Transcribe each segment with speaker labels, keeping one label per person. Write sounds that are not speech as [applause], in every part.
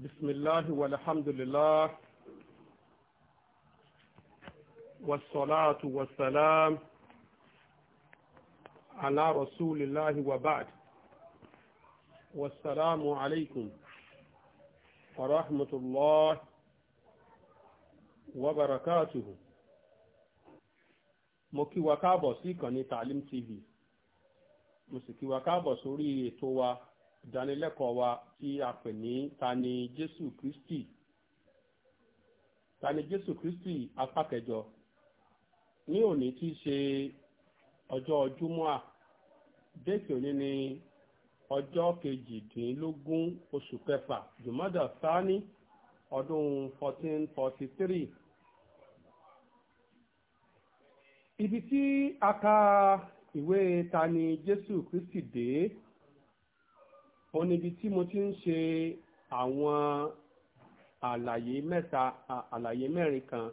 Speaker 1: بسم الله والحمد لله والصلاة والسلام على رسول الله وبعد والسلام عليكم ورحمة الله وبركاته mo kí wa káàbọ̀ sí ìkànnì Talim TV mo sì kí ìdánilẹ́kọ̀ọ́ wa tí a pè ní tani Jésù Kristi tani Jésù Kristi apá kẹjọ ní òní tí í ṣe ọjọ́ Júmọ́à déètì òní ni ọjọ́ kejìdínlógún oṣù kẹfà Jùmọ́dà sáání ọdún 1443 ibi tí a ka ìwé tani Jésù Kristi dé ó níbi tí mo ti ń ṣe àwọn àlàyé mẹ́ta àlàyé mẹ́rin kan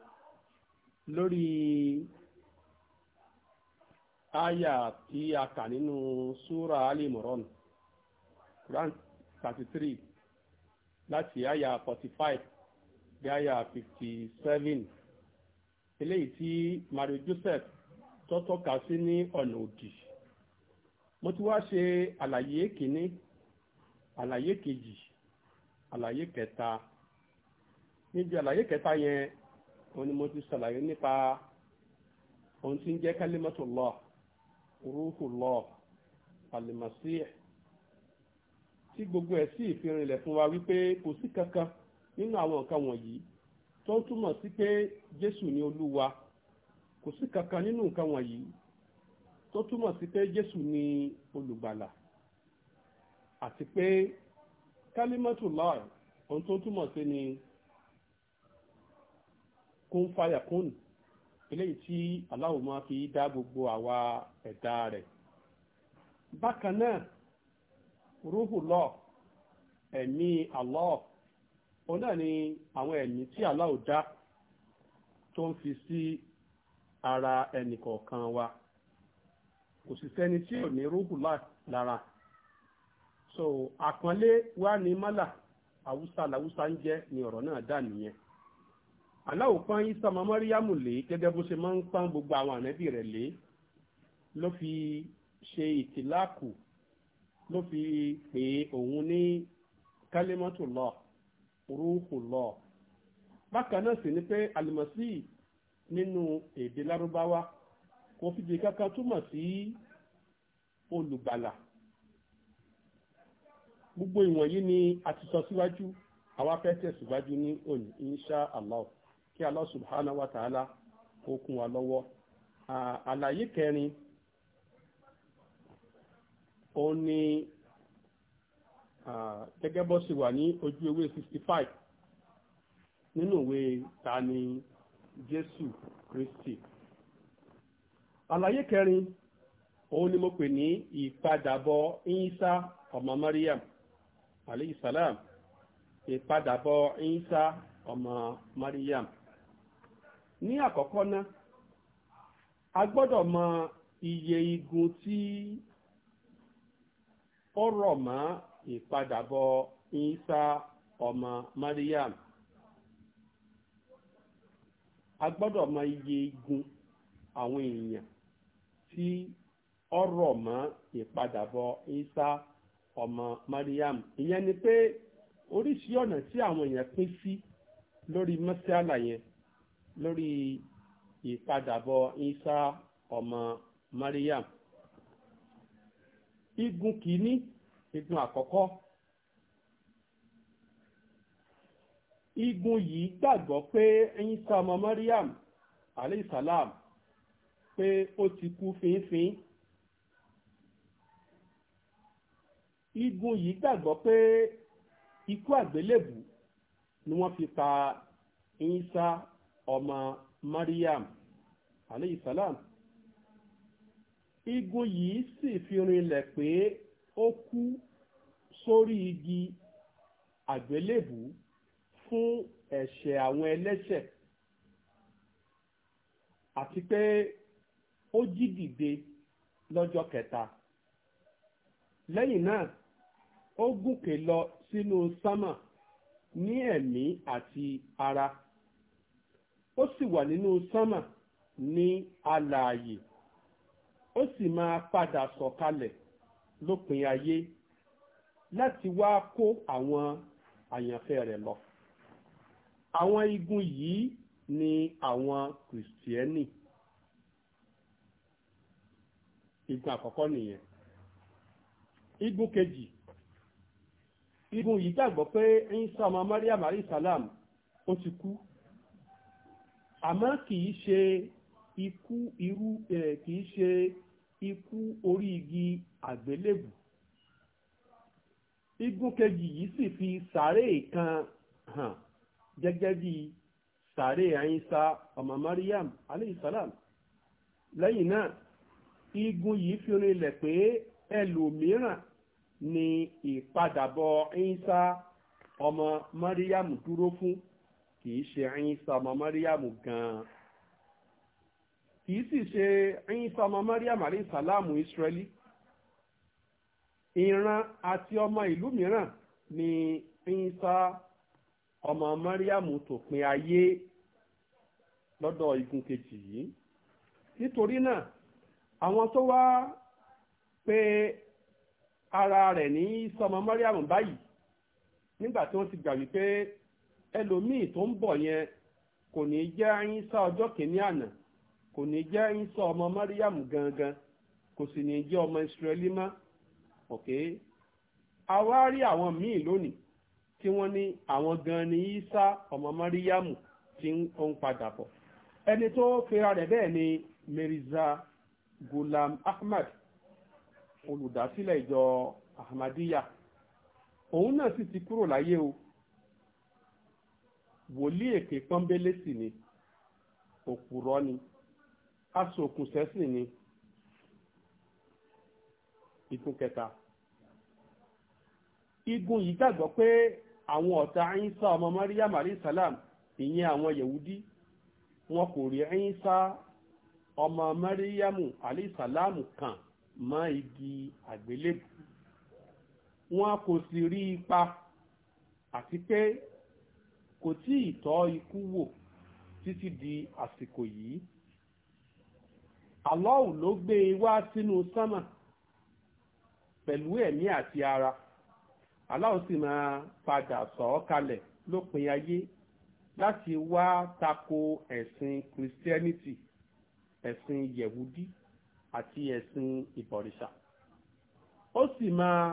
Speaker 1: lórí àyà tí a kà nínú súra alimoran Quran 33 láti àyà 45 dé àyà 57 eléyìí tí Mario Joseph tó sí ní ọ̀nà òdì mo ti wá ṣe àlàyé kìíní àlàyé kejì àlàyé kẹta níbi àlàyé kẹta yẹn òun ni mo ti ṣàlàyé nípa ohun tí ń jẹ́ kálímọ́tòlọ́ rúhùlọ́ àlìmọ̀síì tí gbogbo ẹ̀ sì fi rinlẹ̀ fún wa wípé kò sí kankan nínú àwọn nǹkan wọnyí tó ń túmọ̀ sí pé Jésù ni Olúwa kò sí kankan nínú nǹkan wọnyí tó túmọ̀ sí pé Jésù ni olùgbàlà àti pé kálímọ́tùláì ohun tó túmọ̀ ni kún fàyà kún eléyìí tí fi dá gbogbo àwa ẹ̀dá rẹ̀ bákan náà rúhù lọ ẹ̀mí àlọ́ òun ni àwọn ẹ̀mí tí aláwo dá tó ń fi sí ara ẹnìkọ̀ọ̀kan wa kò sì sẹ́ni tí ò ní rúhù lára. so àpọ́nlé wa ní mọ́là àwùsá làwùsá ń jẹ́ ni ọ̀rọ̀ náà dà nìyẹn aláwò pọ́n isa ọmọ mọ́ríyámù lé gẹ́gẹ́ bó ṣe máa ń pọ́n gbogbo àwọn ànẹ́bí rẹ̀ lé ló fi ṣe ìtìláàkù ló fi pè òun ní kálímọ́tullah rúhùllah bákan náà sì ni pé àlùmọ̀sí nínú èdè lárúbáwá kò fìdí kankan túmọ̀ sí olùgbàlà gbogbo ìwọ̀nyí ni a ti sọ síwájú àwa fẹ́ tẹ̀síwájú ní òní insha allah kí allah subhanahu wa ta'ala kó kún wa lọ́wọ́ àlàyé kẹrin òun ni gẹ́gẹ́ bọ́ sí wà ní ojú ewé 65 nínú ìwé ta ni jésù kristi àlàyé kẹrin òun ni mo pè ní ìpadàbọ̀ ìyísá ọmọ mariam alayhi salam ìpadàbọ̀ Isa ọmọ Maryam ní àkọ́kọ́ náà a gbọ́dọ̀ mọ iye igun tí ó rọ̀ mọ́ ìpadàbọ̀ Isa ọmọ Maryam a gbọ́dọ̀ mọ iye igun àwọn èèyàn tí ó rọ̀ mọ́ ìpadàbọ̀ Isa ọmọ Mariam ìyẹn ni pé oríṣi ọ̀nà tí àwọn èèyàn pín sí lórí mọ́sálà yẹn lórí ìpadàbọ̀ Isa ọmọ Mariam igun kìíní igun àkọ́kọ́ igun yìí gbàgbọ́ pé Isa ọmọ Mariam aleyhisalam pé ó ti kú fínfín igun yìí gbàgbọ́ pé ikú àgbélébù ni wọ́n fi pa Ìsá ọmọ Mariam aleyhi salam igun yìí sì fi rinlẹ̀ pé ó kú sórí igi àgbélébù fún ẹ̀ṣẹ̀ àwọn ẹlẹ́ṣẹ̀ àti pé ó jí dìde lọ́jọ́ kẹta lẹ́yìn náà ó gùnkè lọ sínú sámà ní ẹ̀mí àti ara ó sì wà nínú sámà ní alààyè ó sì máa padà sọ̀kalẹ̀ lópin ayé láti wá kó àwọn àyànfẹ́ rẹ̀ lọ àwọn igun yìí ni àwọn kìrìsìtẹ́nì igun àkọ́kọ́ nìyẹn igun kejì ibo yìí gbàgbọ́ pé Ìsá ọmọ Mariam alayhi salam ó ti kú àmọ́ kìí ṣe ikú irú ẹ̀ kìí ṣe ikú orí igi àgbélébù igun kejì yìí sì fi sàárè kan hàn gẹ́gẹ́ bí sàárè Ìsá ọmọ Mariam alayhi salam lẹ́yìn náà igun yìí fi rinlẹ̀ pé ẹlòmíràn ni ìpadàbọ̀ Ìsá ọmọ Mọ́ríyàmù dúró fún kì í ṣe Ìsá ọmọ Mọ́ríyàmù gan-an kì í sì ṣe Ìsá ọmọ Mọ́ríyàmù alayhi sàlámù Ísírẹ́lì ìran àti ọmọ ìlú mìíràn ni Ìsá ọmọ Mọ́ríyàmù tòpin ayé lọ́dọ̀ igun kejì yìí nítorí náà àwọn tó wá pé ara rẹ̀ ní sọmọ mọ́ríàmù báyìí nígbà tí wọ́n ti gbà wípé ẹlòmíì tó ń bọ̀ yẹn kò ní jẹ́ àyínsá ọjọ́ kìíní àná kò ní jẹ́ àyínsá ọmọ mọ́ríàmù gangan kò sì ní jẹ́ ọmọ ìsírẹ́lì mọ́ ok àwa rí àwọn míì lónìí tí wọ́n ní àwọn gan ni ìsá ọmọ mọ́ríàmù tí ó ń padà bọ̀ ẹni tó fira rẹ̀ bẹ́ẹ̀ ni Mirza Gulam Ahmed olùdásílẹ̀ ìjọ Ahmadiyya òun náà sì ti kúrò láyé o wòlíì èké pọ́nbélé sì ni òpùrọ́ ni asòkùnsẹ́sìn ni igun kẹta igun yìí gbàgbọ́ pé àwọn ọ̀tá Ìsá ọmọ Maryam alayhi salam ìyẹn àwọn Yẹ̀wúdí wọn kò rí Ìsá ọmọ Maryamu alayhi salam mọ́ igi àgbélébù wọn kò sì rí ipa àti pé kò tí ì tọ́ ikú wò títí di àsìkò yìí àlọ́hùn ló gbé e wá sínú sánmà pẹ̀lú ẹ̀mí àti ara aláwo sì máa padà sọ ọ́ kalẹ̀ lópin ayé láti wá tako ẹ̀sìn Christianity ẹ̀sìn yẹ̀wúdí àti ẹ̀sìn ìbọ̀rìṣà ó sì máa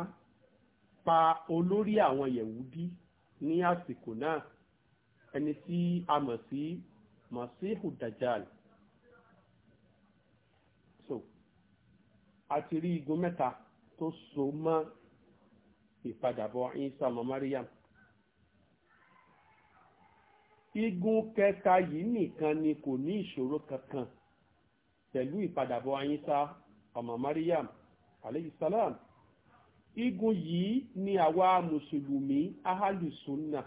Speaker 1: pa olórí àwọn yẹ̀wúdí ní àsìkò náà ẹni tí a mọ̀ sí masihu dajjal so àti rí igun mẹ́ta tó so mọ́ ìpadàbọ̀ Isa ọmọ Mariam igun kẹta yìí nìkan ni kò ní ìṣòro kankan pẹ̀lú ìpadàbọ̀ ayínsá ọmọ Maryam aleyhisalam igun yìí ni àwa mùsùlùmí ahalùsùnà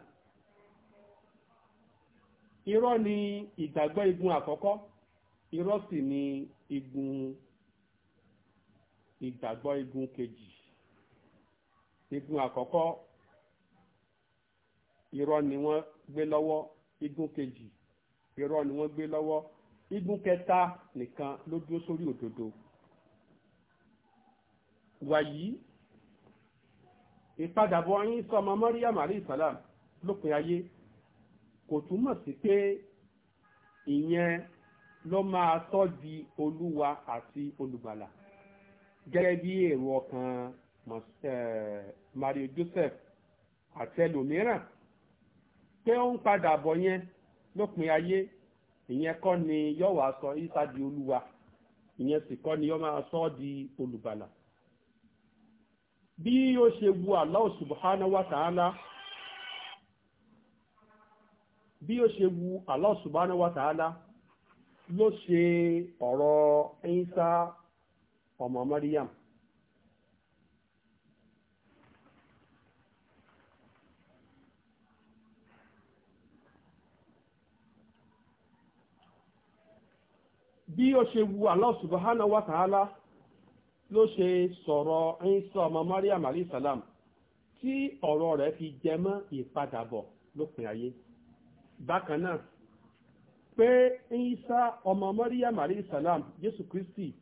Speaker 1: irọ́ ni ìgbàgbọ́ igun àkọ́kọ́ irọ́ sì ni igun ìgbàgbọ́ igun kejì igun àkọ́kọ́ irọ́ ni wọ́n gbé lọ́wọ́ igun kejì irọ́ ni wọ́n gbé lọ́wọ́ igun kẹta nìkan ló dúró sórí òdodo wàyí ìpadàbọ̀ yín sọmọ mọ́ríyàm àrí ìsàlám lópin ayé kò túmọ̀ sí pé ìyẹn ló máa sọ di olúwa àti olùgbàlà gẹ́gẹ́ bí èrò ọkàn eh, Mario Joseph àtẹlòmíràn pé ó ń padà bọ̀ yẹn lópin ayé ìyẹn kọ́ ni yóò wá sọ Ìsá di olúwa ìyẹn sì kọ́ ni yóò máa sọ ọ́ di bí ó ṣe wu Allah subhanahu wa ta'ala bí ó ṣe wu Allah ọmọ mariam bí ó ṣe wu Allah subhanahu wa ló ṣe sọ̀rọ̀ ọmọ Mariam alayhi salam tí ọ̀rọ̀ rẹ̀ fi jẹmọ́ ìpadàbọ̀ lópin ayé bákan náà pé ọmọ Mariam alayhi salam Jésù Kristi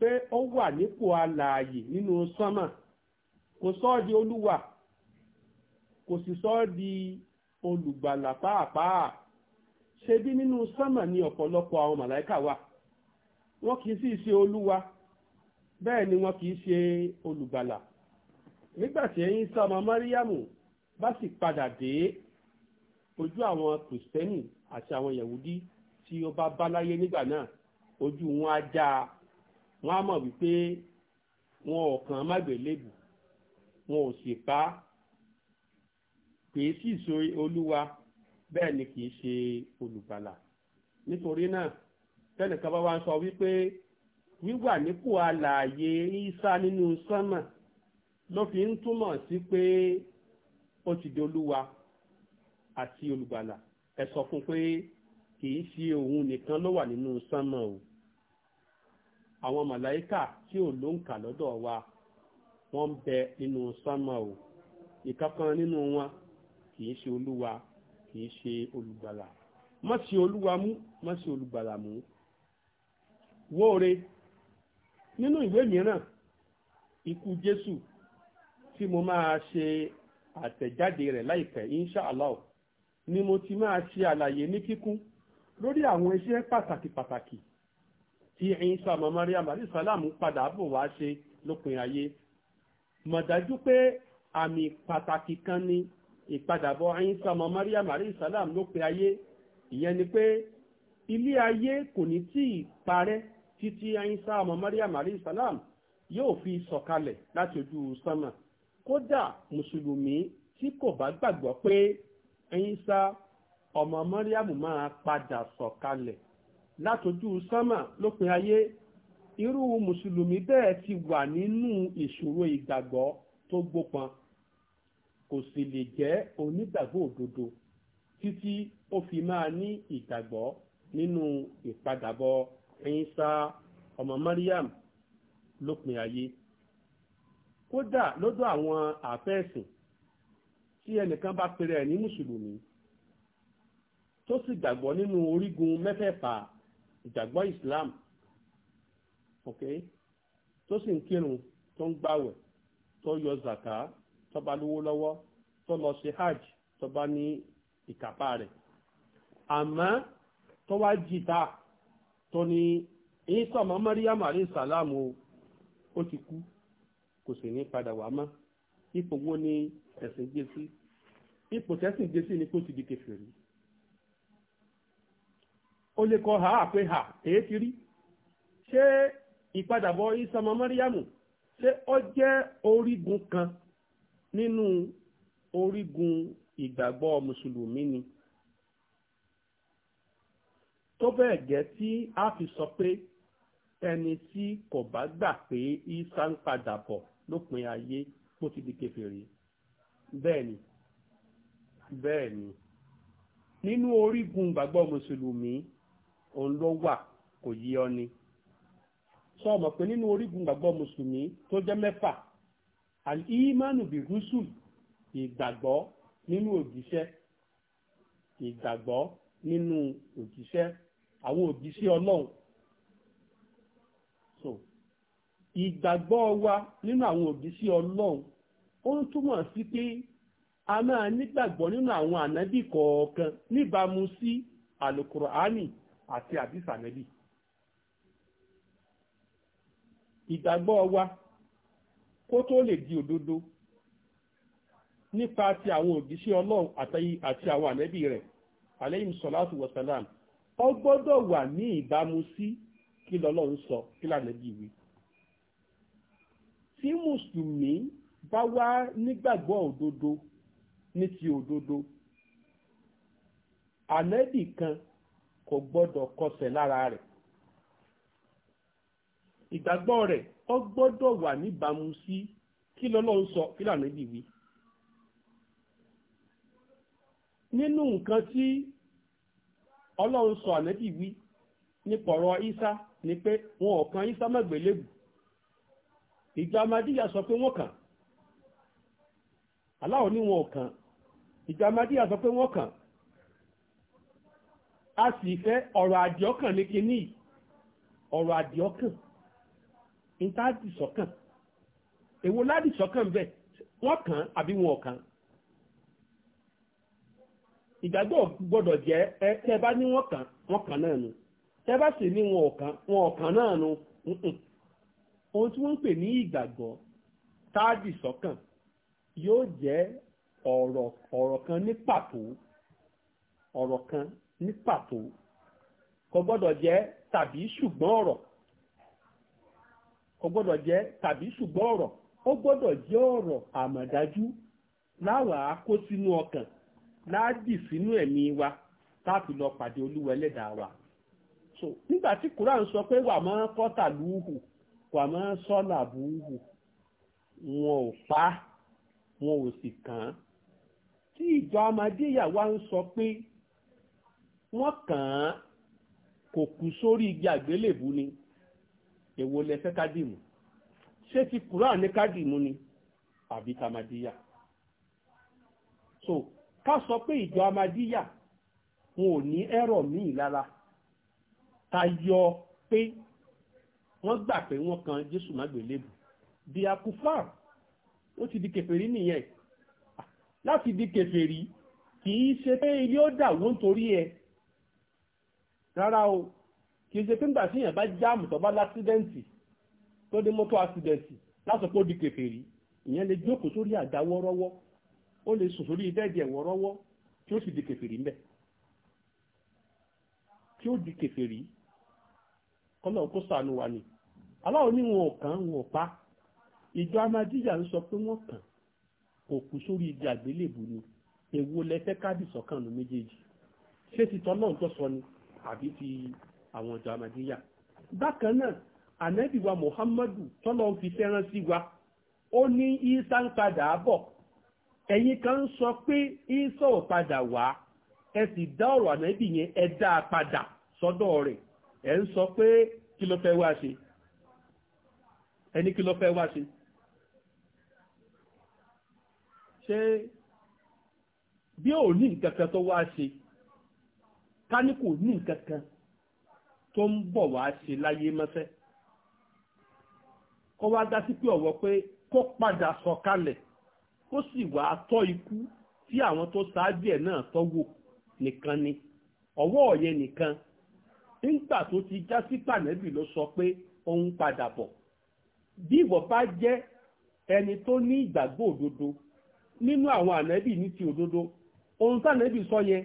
Speaker 1: pé ó wà nípò alààyè nínú sánmà kò sọ di olúwa kò sì di olùgbàlà pàápàá ṣebí wọ́n kì í sì ṣe olúwa bẹ́ẹ̀ ni wọ́n kì í ṣe olùgbàlà nígbà tí Ìsá ọmọ Máríyámù bá sì padà dé ojú àwọn kìrìsìtẹ́nì àti àwọn yẹ̀wúdí tí ó bá bá láyé nígbà náà ojú wọn á wọn á mọ̀ wípé wọn ò kàn án mágbélébù wọn ò sì pa á sì ṣe olúwa bẹ́ẹ̀ ni kì í ṣe olùgbàlà nítorí náà tẹ́nìkan bá wá ń sọ wípé wíwà nípò alààyè ìsá nínú sánmà ló fi ń túmọ̀ sí pé ó ti dolúwa àti olùgbàlà ẹ sọ fún pé kìí ṣe òun nìkan ló wà nínú sánmà o àwọn màláíkà tí ò ló ń kà lọ́dọ̀ wa wọ́n ń bẹ nínú sánmà o ìkankan nínú wọn kìí ṣe olúwa kìí ṣe olùgbàlà má ṣe olúwa mú má ṣe olùgbàlà mú wóore nínú ìwé mìíràn ikú jésù tí mo máa ṣe àtẹ̀jáde rẹ̀ láìpẹ́ inshallah ni mo ti máa ṣe àlàyé ní kíkún lórí àwọn iṣẹ́ pàtàkì pàtàkì tí Ìsá ọmọ Mariam alayisalaam padà bò wá ṣe lópin ayé mọ̀ dájú pé àmì pàtàkì kan ni ìpadàbọ̀ Ìsá ọmọ Mariam alayisalaam lópin ayé ìyẹn ni pé ilé ayé kò ní tí ì parẹ́ títí àyínsá ọmọ mariam alayhi salam yóò fi sọ̀kalẹ̀ láti ojú sánmà kódà mùsùlùmí tí kò bá gbàgbọ́ pé àyínsá ọmọ mariam máa padà sọ̀kalẹ̀ láti ojú sánmà lópin ayé irú mùsùlùmí bẹ́ẹ̀ ti wà nínú ìṣòro ìgbàgbọ́ tó gbópọn kò sì lè jẹ́ onígbàgbọ́ òdodo títí ó fi máa ní ìgbàgbọ́ nínú ìpadàbọ̀ Ìsá ọmọ Mariam lópin ayé kódà lọ́dọ̀ àwọn àfẹ́ẹ̀sìn tí ẹnìkan bá pèrè ẹ̀ ní mùsùlùmí tó sì gbàgbọ́ nínú orígun mẹ́fẹ̀ẹ̀fà ìgbàgbọ́ Islam okay tó sì ń kírun tó ń gbàwẹ̀ tó yọ zaka tó bá lówó lọ́wọ́ tó lọ ṣe hajj tó bá ní ìkápá rẹ̀ àmọ́ tó wá jìtá tó ní Ìsá ọmọ Maryam alayhi salam o ó ti kú kò sì ní padà wá mọ́ ipò wo ni ẹ̀sìn gbé sí ipò tẹ́sìn gbé sí ni kó ti di kèfèrí ó lè kọ ha àpé ha èé ti rí ṣé ìpadàbọ̀ Ìsá ọmọ ṣé ó jẹ́ orígun kan nínú orígun ìgbàgbọ́ mùsùlùmí ni tó bẹ́ẹ̀ gẹ́ tí a fi sọ pé ẹni tí kò bá gbà pé isa ń padà bọ̀ lópin ayé bó ti di kèfèrí bẹ́ẹ̀ni bẹ́ẹ̀ni nínú orígun ìgbàgbọ́ mùsùlùmí òun ló wà kò yí ọ ni sọ mọ̀ pé nínú orígun ìgbàgbọ́ mùsùlùmí tó jẹ́ mẹ́fà al-imanu bi ìgbàgbọ́ nínú òjíṣẹ́ ìgbàgbọ́ nínú òjíṣẹ́ àwọn òbí sí ọlọ́run so ìgbàgbọ́ wa nínú àwọn òbí sí ọlọ́run ó ń túmọ̀ sí pé a máa nígbàgbọ́ nínú àwọn ànábì kọ̀ọ̀kan níbàámu sí àlùkùránì àti àdìsá ànábì ìgbàgbọ́ wa kó tó lè di òdodo nípa ti àwọn òbí sí ọlọ́run àti àwọn ànábì rẹ̀ aleyhim salatu wasalam ó gbọ́dọ̀ wà ní ìbámu sí kí lọ́lọ́run sọ kí lànàbí wí. tí mùsùlùmí bá wá nígbàgbọ́ òdodo ní ti òdodo ànábì kan kò gbọ́dọ̀ kọsẹ̀ lára rẹ̀ ìgbàgbọ́ rẹ̀ ó gbọ́dọ̀ wà níbàámu sí kí lọ́lọ́run sọ kí lànàbí wí. nínú nǹkan tí ọlọ́run sọ ànábì wí nípa ọ̀rọ̀ Ìsá ni pé wọn ọ̀kan Ìsá ìjọ sọ pé wọ́n kàn aláwọ̀ ní wọn ò sọ pé wọ́n kàn a sì fẹ́ ọ̀rọ̀ àdìọ́kàn ní ọ̀rọ̀ èwo bẹ́ẹ̀ wọ́n kàn ìgbàgbọ́ gbọ́dọ̀ jẹ́ ẹ bá ní wọ́n kàn náà nu tẹ́ bá sì ní wọn ọ̀kan wọn náà nu ohun tí wọ́n ń pè ní ìgbàgbọ́ táàdì sọ́kàn yóò jẹ́ kan ní pàtó ọ̀rọ̀ kan ní pàtó kò gbọ́dọ̀ jẹ́ tàbí ṣùgbọ́n ọ̀rọ̀ kò gbọ́dọ̀ jẹ́ tàbí ṣùgbọ́n ọ̀rọ̀ ó gbọ́dọ̀ jẹ́ ọ̀rọ̀ àmọ̀dájú láwàá kó láàdì sínú ẹ̀mí wa táàfi lọ pàdé olúwa ẹlẹ́dàá wa so nígbà tí Quran sọ pé wà mọ́ kọ́tà lúhù wà mọ́ sọ́là búhù wọn ò pa wọn ò sì kàn tí ìjọ amadéyà wa ń sọ pé wọ́n kàn án kò kú sórí igi àgbélébù ni èwo lẹ fẹ́ kádìmù ṣé ti Quran ní kádìmù ni àbí tamadéyà so ká sọ pé ìjọ amadíyà wọn ò ní ẹ̀rọ míì lára tayọ pé wọ́n gbà pé wọ́n kan jésù mágbélébù di akufar ó ti di kèfèrí nìyẹn láti di kèfèrí kì í ṣe pé ilé ó dàwó nítorí ẹ rárá o kì í ṣe pé nígbà tí èèyàn bá jáàmù tó bá lásídẹ́ǹtì tó dé mọ́tò àsídẹ́ǹtì lásìkò di kèfèrí ìyẹn lè jókòó sórí àdáwọ́rọ́wọ́ ó lè sùn sórí bẹ́ẹ̀dì ẹ̀wọ̀ rọ́wọ́ tí ó sì di kèfèrí ń bẹ̀ tí ó di kèfèrí kọ́lọ̀ kó sànù wa ni aláwọ̀ ní wọn ò kàn wọn ò pa ìjọ amadíyà ń sọ pé wọ́n kàn kò kú sórí ibi àgbélébù ni èwo lẹfẹ́ káàdì sọ̀kan nu méjèèjì ṣé ti tọ́ náà tó ni àbí ti àwọn ìjọ amadíyà bákan náà ànábì muhammadu tọ́lọ́ fi fẹ́ràn sí wa ó ní isa padà bọ̀ ẹ̀yin kan sọ pé ìsọ̀ padà wá ẹ sì dá ọ̀rọ̀ ànábì yẹn ẹ dá a padà sọ́dọ̀ rẹ̀ ẹ̀ ń sọ pé kí ló fẹ́ wá ṣe ẹni kí ló fẹ́ wá ṣe ṣé bí ò ní nǹkan kan tó wá ṣe ká ní kò ní nǹkan kan tó ń bọ̀ wá ṣe láyé pé ọ̀wọ́ pé kó padà kó sì wá tọ́ ikú tí àwọn tó ṣáájú ẹ̀ náà tọ́wò nìkan ni ọwọ́ ọ̀yẹ nìkan nígbà tó ti já sí pànẹ́bì ló sọ pé òun padà bọ̀ bí ìwọ bá jẹ́ ẹni tó ní ìgbàgbọ́ òdodo nínú àwọn ànẹ́bì ní ti òdodo ohun tànẹ́bì sọ yẹn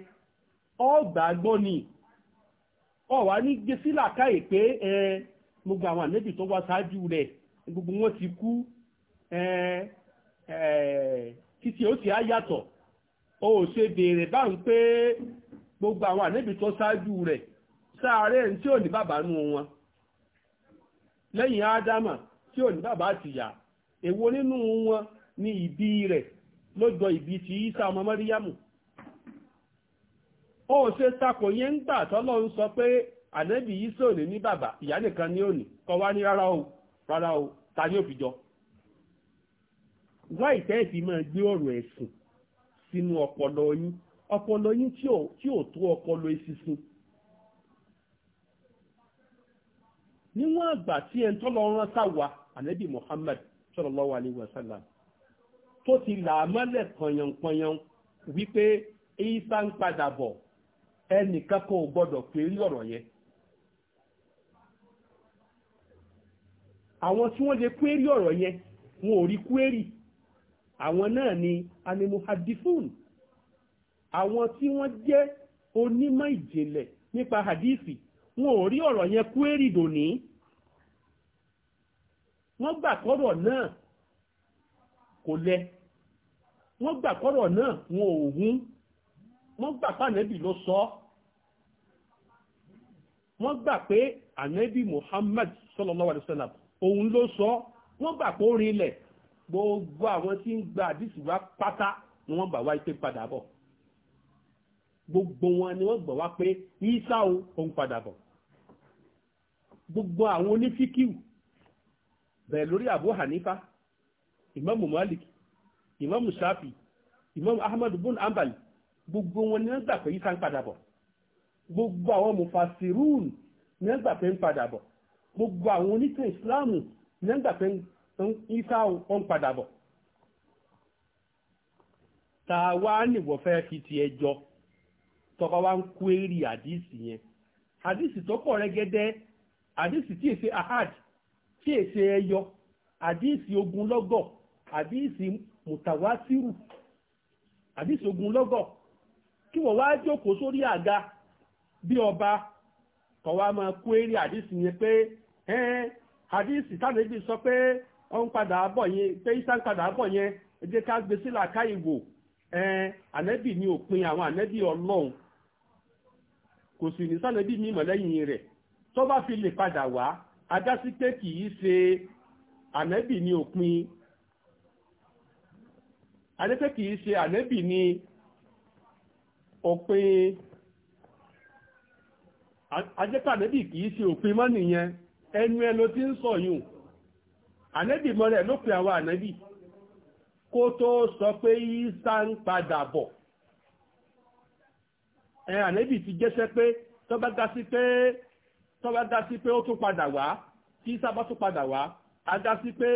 Speaker 1: ọgbàgbọ́ ni ọ̀wá ní gbé sílà káyè pé ẹ gbogbo àwọn ànẹ́bì tó wá ṣáájú rẹ̀ gbogbo wọn ti kú Eh, títí ó sì á yàtọ̀ o ò ṣe béèrè bá ń pé gbogbo àwọn ànábì tó ṣáájú rẹ̀ sáàárẹ̀ tí ò ní bàbá nú wọn lẹ́yìn ádámà tí ò ní bàbá àtìyá èwo nínú wọn ni ìbí rẹ̀ lójọ ìbí ti isa ọmọ mọ́ríyámù ó ṣe takò yẹn ń gbà tọ́lọ́ ń sọ pé ànábì yìí sòní ní bàbá ìyá nìkan ní òní kọ wá ní rárá o rárá o ta ní òfìjọ́ wáì tẹ́ fi máa gbé ọ̀rọ̀ ẹ̀sìn sínú ọpọlọ yín ọpọlọ yín tí ò tó ọpọlọ eṣinṣin níwọ̀n àgbà tí ẹ̀ ń tọ́lọ rán sáwà ànábì Muhammad tó ti là á mọ́lẹ̀ pọ̀yànpọ̀yàn wípé Ìsá ń padà bọ̀ ẹnìkan kò gbọ́dọ̀ pé rí ọ̀rọ̀ yẹn àwọn tí wọ́n lè kú èrí ọ̀rọ̀ wọn ò rí kú èrí àwọn náà ni alimuhadifun àwọn tí wọ́n jẹ́ onímọ̀ ìjìnlẹ̀ nípa hadithi wọn ò rí ọ̀rọ̀ yẹn kú èrì dòní wọ́n gbà kọ́rọ̀ náà kò lẹ wọ́n gbà kọ́rọ̀ náà wọn ò hún wọ́n gbà pé ló sọ wọ́n gbà pé ànẹ́bì Muhammad sallallahu alaihi wasallam òun ló sọ wọ́n gbà pé ó rinlẹ̀ gbogbo àwọn tí ń gba àdìsí wá pátá ni wọ́n gbà wá pé padà bọ̀ gbogbo wọn ni wọ́n gbà wá pé yíṣà o òun padà bọ̀ gbogbo àwọn onífíkìwù bẹ̀rẹ̀ lórí Abu Hanifa Imam Malik Imam Shafi Imam Ahmad bin Ambali gbogbo wọn ni wọ́n gbà pé yíṣà ń padà bọ̀ gbogbo àwọn mufasirun ni wọ́n gbà pé ń padà bọ̀ gbogbo àwọn onítàn ìsìláàmù ni wọ́n gbà pé Ìsá ó ń padà bọ̀ ta wá fi ti ẹjọ́ tọba wa ń kú èrì àdìsí yẹn àdìsí tó pọ̀ rẹ́gẹ́dẹ́ àdìsí tí èsè ahad tí èsè ẹyọ àdìsí ogunlọ́gọ̀ àdìsí mùtàwásírù àdìsí ogunlọ́gọ̀ kí wọ́n wá jókòó sórí àga bí ọba kọ̀ máa kú èrì àdìsí yẹn pé ẹ́n sọ pé ń padà bọ̀ yẹn pé isa ń padà bọ̀ yẹn ẹ jẹ́ ká gbé sílà káyì wò ànẹ́bì ni òpin àwọn ànẹ́bì ọlọ́run kò sì ní sànẹ́bì mímọ̀ lẹ́yìn rẹ̀ tó bá fi lè padà wá adásí pé kì í ṣe ànẹ́bì ni òpin adẹ́pẹ́ kì í ṣe ànẹ́bì ànábì mọ́lẹ̀ ló pe àwọn ànábì kó tó sọ pé ìsá ń padà bọ̀ ẹ ànábì ti jẹ́sẹ́ pé tó bá dá sí pé tó bá dá sí pé ó tún padà wá tí ìsá bá tún padà wá a dá sí pé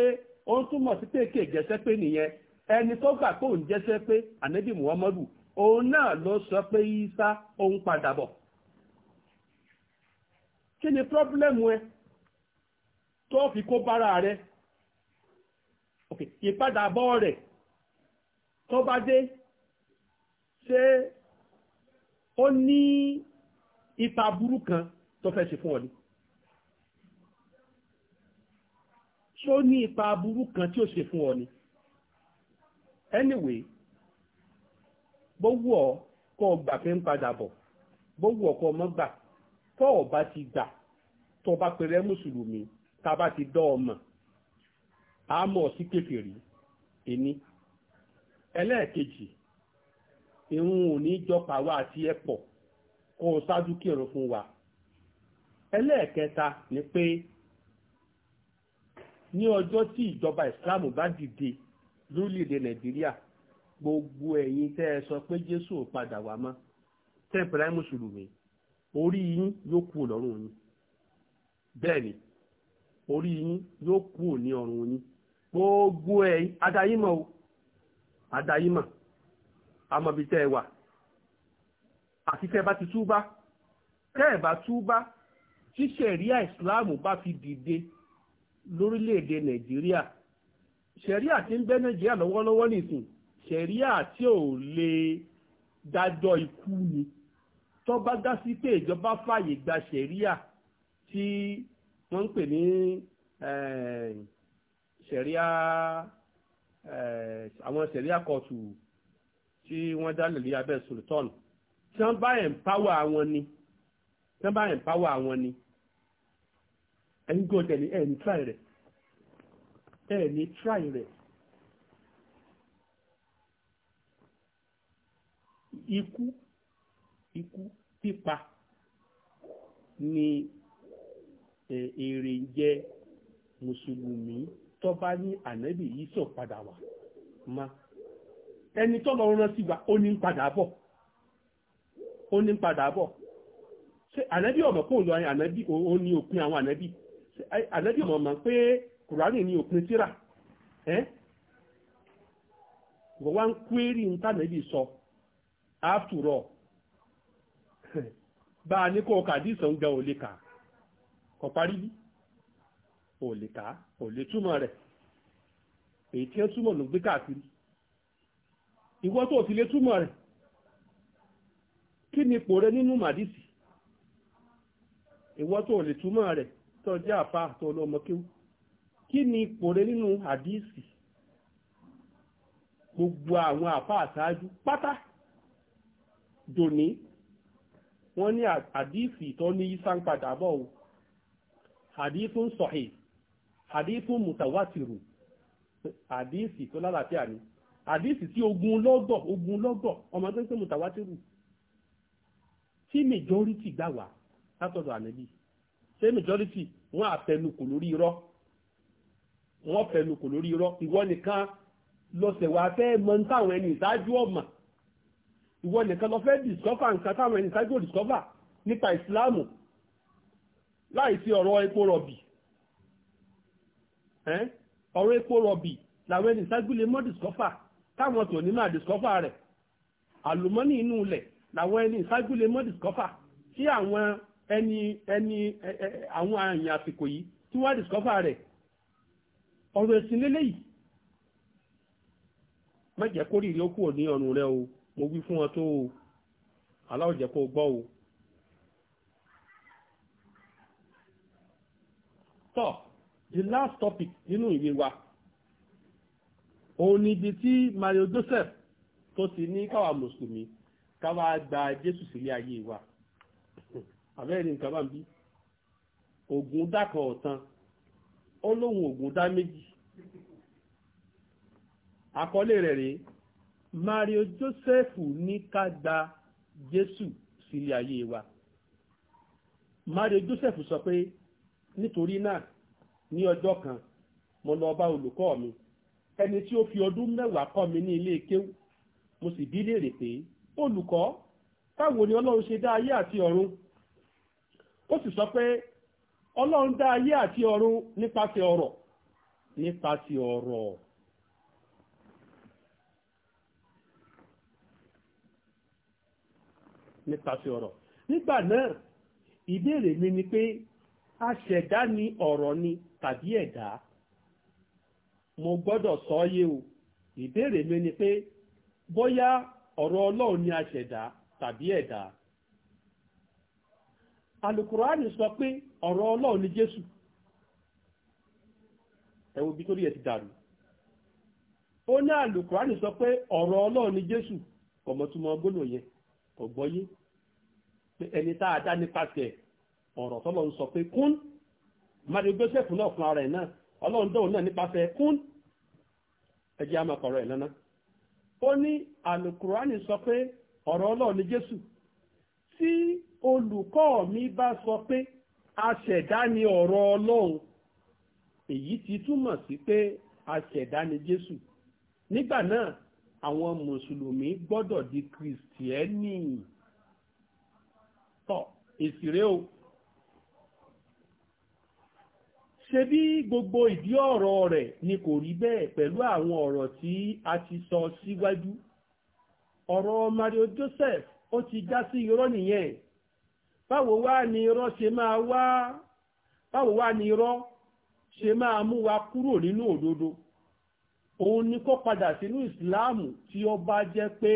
Speaker 1: ó ń túmọ̀ sí pé èké jẹ́sẹ́ pé nìyẹn ẹni tó gbà pé òun jẹ́sẹ́ pé ànábì muhammadu òun náà ló sọ pé ìsá ó ń padà bọ̀ kí ni pírọ́bílẹ́mù ẹ tó fi kó bára rẹ ok ìpadàbọ̀ rẹ̀ tó bá dé ṣé ó ní ipa burú kan tó fẹ́ ṣe fún ọ ni ṣó ní ipa burú kan tí ó ṣe fún ọ ni anyway bó wù ọ́ kó o gbà pé ń padà bọ̀ bó wù ọ́ kó o mọ́ gbà tó o bá ti gbà tó o bá pèrè mùsùlùmí tá ti dọ́ ọ a mọ̀ sí kékeré ẹni ẹlẹ́ẹ̀kejì irun ò ní jọpa wá àti ẹ̀pọ̀ kó o ṣáájú kírun fún wa ẹlẹ́ẹ̀kẹta ni pé ní ọjọ́ tí ìjọba ìsìláàmù bá dìde lórílẹ̀-èdè nàìjíríà gbogbo ẹ̀yin tẹ́ ẹ sọ pé jésù ò padà wá mọ́ tẹ́ǹpẹ̀lẹ́ mùsùlùmí orí yín yóò kú lọ́rùn yín bẹ́ẹ̀ ni orí yín yóò kú ní ọrùn yín. gbogbo ẹ̀ adayímọ̀ o adayímọ̀ amọ̀bí tẹ́ àti ti túbá tẹ́ túbá tí ṣẹ̀ríà ìsìláàmù bá fi dìde lórílẹ̀‐èdè nàìjíríà ṣẹ̀ríà tí ń bẹ nàìjíríà lọ́wọ́lọ́wọ́ ṣẹ̀ríà tí ò lè dájọ́ ikú ni tó bá dá sí pé gba ṣẹ̀ríà tí wọ́n ń pè eh, ṣẹ̀ríà eh, àwọn ṣẹ̀ríà kọ̀tù tí wọ́n dá lórí abẹ́ sultan tí wọ́n bá ẹ̀ǹpáwà wọn ni tí wọ́n bá ẹ̀ǹpáwà wọn ni ẹ̀yin gbọ́ tẹ̀lé ẹ̀ ní tíráì rẹ̀ ẹ̀ ní rẹ̀ ikú ikú pípa ni eh, èrè ń mùsùlùmí. tó bá ní ànábì yìí padà wà má ẹni tó wa ó ní padà bọ̀ ó ní padà bọ̀ ṣe ànábì ọmọ kò lọ ànábì ó ní òpin àwọn ànábì ànábì ọmọ mọ̀ pé kùránì ní òpin tírà ẹ́ wọ́n wá ń tànábì sọ [laughs] bá a ní kó ò lè kà ò lè túmọ̀ rẹ̀ èyí tí ó túmọ̀ ló gbé káàkiri ìwọ tó fi túmọ̀ rẹ̀ kí ni ipò rẹ nínú màdìsí tó lè túmọ̀ rẹ̀ tó jẹ́ kí ni rẹ nínú gbogbo àwọn àfa àṣáájú pátá dòní wọ́n ní àdìsí tó ní isan padà sọ̀hìn hadithu mutawatiru hadithi tó lálàáfíà ni hadithi tí ogun lọ́gọ̀ ogun lọ́gọ̀ ọmọ tó ń mutawatiru tí majority gbà wá látọ̀dọ̀ ànábì ṣé majority wọ́n àfẹnukò lórí irọ́ wọ́n fẹnukò lórí irọ́ ìwọ nìkan wa wá fẹ́ mọ táwọn ẹni ìṣáájú ọ̀mà ìwọ nìkan lọ fẹ́ discover nǹkan táwọn ẹni ìṣáájú ò discover nípa ìsìláàmù láì sí ọ̀rọ̀ epo rọ̀bì ọ̀rọ̀ epo rọ̀bì làwọn ẹni ságbélé mọ́ discover táwọn tò ní máa discover rẹ̀ àlùmọ́nì inú ilẹ̀ làwọn ẹni ságbélé mọ́ discover tí àwọn ẹni ẹni àwọn àyàn àsìkò yìí tí wọ́n discover rẹ̀ ọ̀rọ̀ ẹ̀sìn lélẹ́yìí mẹ́jẹ̀ kórìírí ó kúrò ní ọ̀run rẹ o mo wí fún ọ tó o aláwọ̀jẹ̀ kó o gbọ́ o. tọ́ the last topic nínú ìwé wa òun ni ibi tí Mario Joseph tó ti ní káwa mùsùlùmí káwa gba Jésù sílé ayé wa àbẹ́rẹ́ nǹkan bá ń bí ògùn dákan ọ̀tán ó lóhun ògùn dá méjì àkọlé rẹ̀ rèé Mario Joseph ní ká gba Jésù sílé ayé wa Mario Joseph sọ pé nítorí náà ní ọjọ́ kan mo lọ bá olùkọ́ mi ẹni tí ó fi ọdún mẹ́wàá kọ́ mi ní ilé kéwú mo sì bí léèrè pé olùkọ́ báwo ni ọlọ́run ṣe dá ayé àti ọ̀run ó sì sọ pé ọlọ́run dá ayé àti ọ̀run nípasẹ̀ ọ̀rọ̀ nípasẹ̀ ọ̀rọ̀ nípasẹ̀ ọ̀rọ̀ nígbà náà ìbéèrè mi ni pé aṣẹ̀dá ni ọ̀rọ̀ ni tàbí ẹ̀dá mo gbọ́dọ̀ sọ ọ́ yé o ìbéèrè mi ni pé bóyá ọ̀rọ̀ ọlọ́run ni a aṣẹ̀dá tàbí ẹ̀dá alukurani sọ pé ọ̀rọ̀ ọlọ́run ni jésù ẹ bí torí ẹ ti dàrú ó ní alukurani sọ pé ọ̀rọ̀ ọlọ́run ni jésù kọ̀mọ̀túmọ̀ gbólóhùn yẹn kò gbọ́yé pé ẹni tá a dá nípasẹ̀ ọ̀rọ̀ tọ́lọ́run sọ pé kún mari joseph náà fún ara ẹ̀ náà ọlọ́run dóhùn náà nípasẹ̀ kún ẹjẹ́ àmọ́ ọ̀rọ̀ ẹ̀ lọ́nà ó ní alukurani sọ pé ọ̀rọ̀ ọlọ́run ni jésù tí olùkọ́ mi bá sọ pé aṣẹ̀dá ni ọ̀rọ̀ ọlọ́run èyí ti túmọ̀ sí pé aṣẹ̀dá ni jésù nígbà náà àwọn mùsùlùmí gbọ́dọ̀ di kìrìsìtẹ́nì tọ́ èsì o. ṣe bí gbogbo ìdí ọ̀rọ̀ rẹ̀ ni kò rí bẹ́ẹ̀ pẹ̀lú àwọn ọ̀rọ̀ tí a ti sọ síwájú ọ̀rọ̀ Mario Joseph ó ti já sí irọ́ nìyẹn báwo wá ni irọ́ ṣe máa wá báwo wá ni irọ́ ṣe máa mú wa kúrò nínú òdodo òun ni kó padà sínú ìsìláàmù tí ó bá jẹ́ pé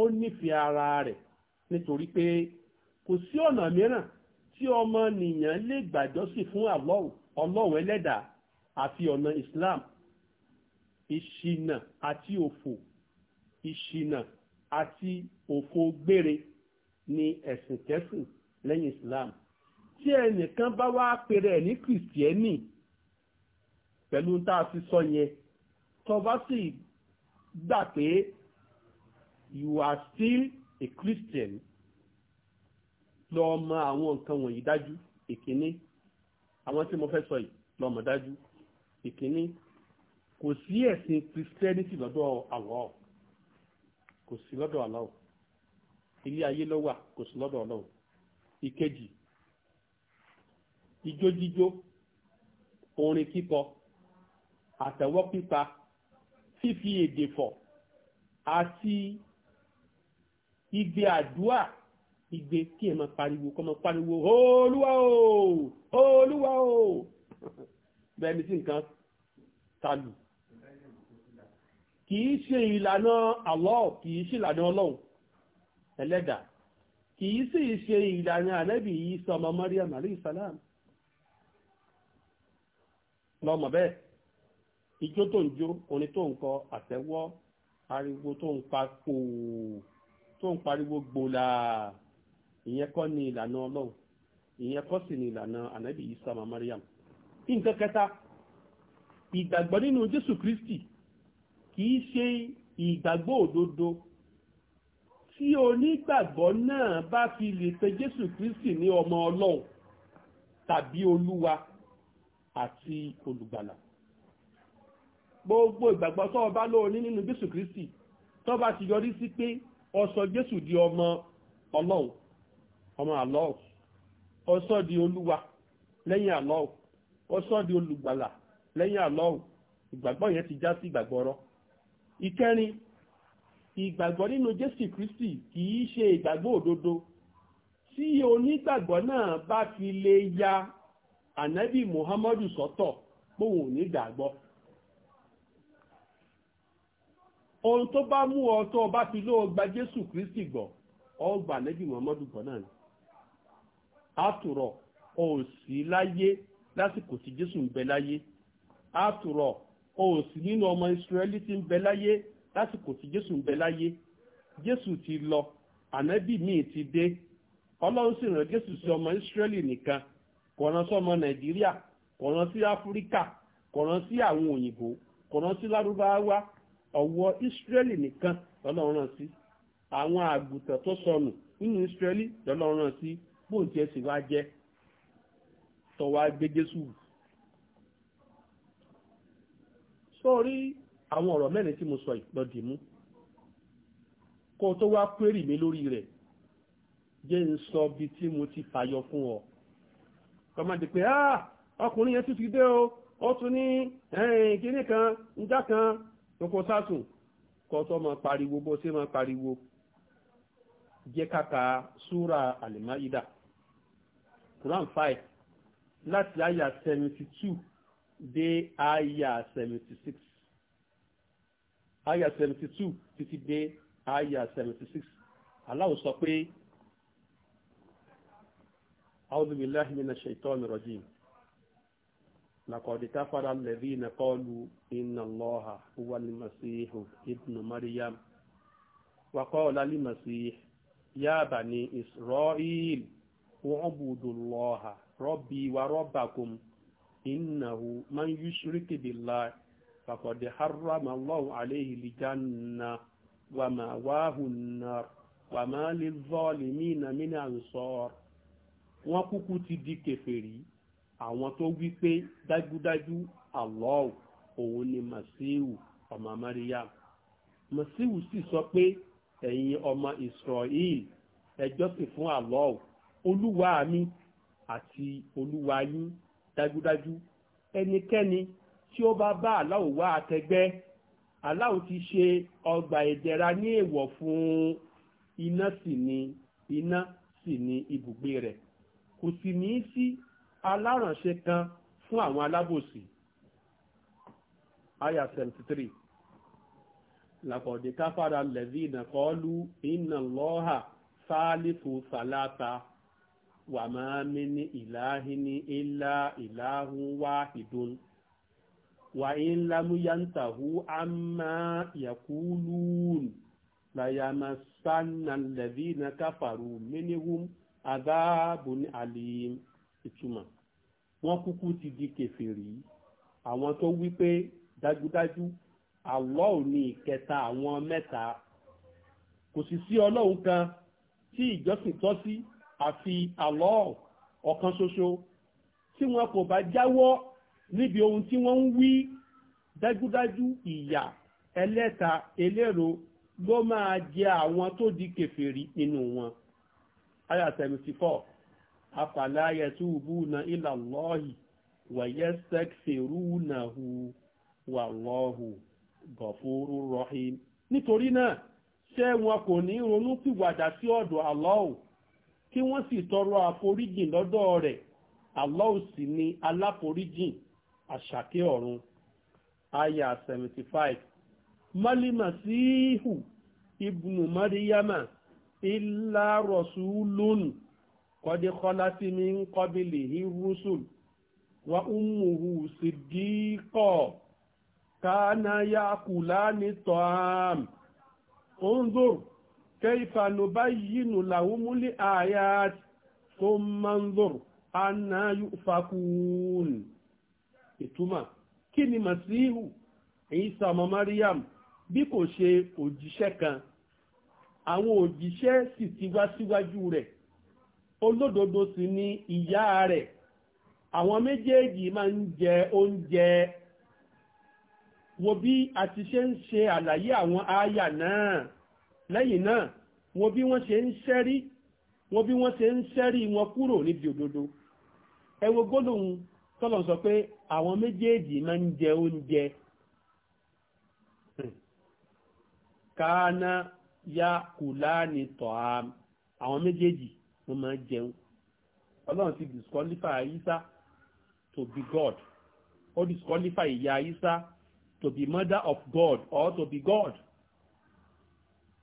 Speaker 1: ó nífẹ̀ẹ́ ara rẹ̀ nítorí pé kò sí ọ̀nà mìíràn tí ọmọ nìyàn lè gbàjọ́sìn fún Allah ọlọ́run ẹlẹ́dà àti ọ̀nà islam ìṣìnà àti òfò ìṣìnà àti òfò gbére ni ẹ̀sìn kẹsìn lẹ́yìn islam tí ẹnìkan bá wá pèrè ẹ̀ ní kìrìsìtẹ́nì pẹ̀lú tá a ti sọ yẹn tó bá sì gbà pé you are still a christian lọ mọ àwọn nǹkan wọ̀nyí dájú ìkíní. E àwọn tí mo fẹ́ sọ yìí lọ́mọ dájú ìkíní kò sí ẹ̀sìn Christianity lọ́dọ̀ Allah kò sí lọ́dọ̀ Allah ilé ayé lọ́wà kò sí lọ́dọ̀ Allah ìkejì ijó jíjó orin kíkọ àtẹ́wọ́ pípa fífi èdè fọ̀ àti ibi àdúrà igbe kí ẹ máa pariwo kọ́ máa pariwo olúwa o olúwa o [laughs] bẹ́ẹ̀ ni sí nǹkan talù kì ṣe ìlànà Allah kì í ṣe ìlànà ọlọ́run ẹlẹ́dà kì í sì ṣe ìlànà ànábì Ìsá ọmọ Maryam alayhi salam lọ́mọ bẹ́ẹ̀ ijó tó ń jó orin tó ń kọ àtẹ́wọ́ ariwo tó ń pa kòó tó ń pariwo gbòòlà ìyẹn kọ́ ni ìlànà ọlọ́run ìyẹn kọ́ sì ni ìlànà ànábì isa ma mariam nǹkan kẹta ìgbàgbọ́ nínú jésù kristi kìí ṣe ìgbàgbọ́ òdodo tí onígbàgbọ́ náà bá fi lè pe jésù kristi ní ọmọ ọlọ́run tàbí olúwa àti olùgbàlà gbogbo ìgbàgbọ́ tó bá lóoní nínú jésù kristi tó bá ti yọrí sí pé ó jésù di ọmọ ọlọ́run ọmọ Allah ó sọ di olúwa lẹ́yìn Allah ó sọ di olùgbàlà lẹ́yìn Allah ìgbàgbọ́ yẹn ti já sí ìgbàgbọ́ rọ ìkẹrin ìgbàgbọ́ nínú Jésù Kristi kì ṣe ìgbàgbọ́ òdodo tí onígbàgbọ́ náà bá fi lè ya ànábì Muhammadu sọ́tọ̀ póun ò ní gbàgbọ́ ohun tó bá mú ọ tó o bá fi lóò gba Jésù Kristi gbọ́ ọ gbà ànábì Muhammadu gbọ́ náà ni àtùrọ̀ o ò sí láyé lásìkò tí jésù ń bẹ láyé àtùrọ̀ o ò sí nínú ọmọ ìsírẹ́lì tí ń bẹ láyé lásìkò tí jésù ń bẹ láyé jésù ti lọ ànábì míì ti dé ọlọ́run sì rán jésù sí ọmọ ìsírẹ́lì nìkan kò rán sọmọ nàìjíríà kò rán sí áfíríkà kò rán sí àwọn òyìnbó kò rán sí lárúbáwá ọ̀wọ́ ìsírẹ́lì nìkan lọ́lọ́run rán sí àwọn àgùntàn tó sọnù nínú ìsírẹ́lì lọ́lọ́run rán sí bóun tiẹ̀ sì wá jẹ́ tọ́wá gbé Jésù sórí àwọn ọrọ mẹrin tí mo sọ ìpọ́dì mú kó tó wá pérì mi lórí rẹ̀ je ń sọ bí tí mo ti fàyọ fún ọ kọmọdé pé ah ọkùnrin yẹn tún dé o ó tún ní kíní kan njá kan kókó sásùn tó máa pariwo bó ṣe máa pariwo jẹ́ kàkà súra àlìmáyídà Quran 5 láti àyà 72 dé àyà 76. Àyà 72 títí dé àyà 76. Aláwò sọ pé, "Aúdùmíláhì ní ṣètò ọmọrọ̀dì, lákọ̀ọ̀dì ta fara lẹ́rí na kọlu iná lọ́ha wà ní Màṣíhù ìdùnnà Mariam, wà kọ́ ọlá ní Màṣíhù, wa'budu Allaha rabbi wa rabbakum innahu man yushrik billahi faqad harrama Allahu alayhi al-janna wa ma'wahu an-nar wa ma lil-zalimina min ansar wọ́n kúkú ti di kèfèrí àwọn tó wí pé dájúdájú Allah òun ni màsíhù ọmọ Maryam màsíhù sì sọ pé ẹ̀yin ọmọ Israel ẹ jọ́sìn fún Allah olúwa mi àti olúwa yín dájúdájú ẹnikẹ́ni tí ó bá bá aláwo wá akẹgbẹ́ aláwo ti ṣe ọgbà ìdẹ̀ra ní èèwọ̀ fún iná sì ni iná sì ni ibùgbé rẹ̀ kò sì ní í sí alárànṣe kan fún àwọn alábòsí. aya seventy three làkọ̀dé káfàrà lẹ́bí ìnàkọ́lù iná lọ́hà sáálífù sàlátà wa ma min ilahin illa ilahun wahidun wa in lam yantahu amma yaqulun la yamassanna alladhina kafaru minhum adhabun alim ìtumọ̀ wọ́n kúkú ti di kèfèrí àwọn tó wí pé dájúdájú Allah ni ìkẹta àwọn mẹ́ta kò sì sí ọlọ́run kan tí ìjọsìn tọ́ sí. Si àti Allah ọ̀kan ṣoṣo tí wọn kò bá jáwọ́ níbi ohun tí wọ́n ń wí dájúdájú ìyà ẹlẹ́ta eléro ló máa jẹ àwọn tó di kèfèrí nínú wọn. Aya 74 Afàlá yatubuna ila Allahi wa yastaghfirunahu wallahu ghafurur rahim. Nítorí náà, ṣé wọn kò ní ronú pìwàdà sí ọ̀dọ̀ Allah tí wọ́n sì tọrọ àforíjìn lọ́dọ̀ rẹ̀ Allah sì ni aláforíjìn àṣàkẹ́ ọ̀run aya seventy five malimasihu ibnu mariyama illa rasulun kọ́dékọ́lásí mi ń kọ́bìlì hirusul wa umuhu siddiqo kana yakulani toam unzur. كيف نبين لهم الآيات ثم انظر أنا يؤفكون ìtumà kí ni masihu Ìsá ọmọ Mariam bí kò ṣe kan àwọn òjìṣẹ́ sì ti síwájú rẹ̀ olódodo sì ni ìyá rẹ̀ àwọn méjèèjì máa ń jẹ oúnjẹ wo bí a ti ṣe ń ṣe àlàyé àwọn àyà náà lẹ́yìn náà wo bí wọ́n ṣe ń ṣẹ́rí wo bí wọ́n ṣe ń ṣẹ́rí wọn kúrò níbi òdodo ẹ wo tọ́lọ̀ sọ pé àwọn méjèèjì máa ń jẹ oúnjẹ kaana ya kùláàni tọ́ám àwọn méjèèjì wọ́n máa ń jẹun ọlọ́run ti disqualify ayisa to be God ó disqualify ìyá ayisa to be mother of God or to be God.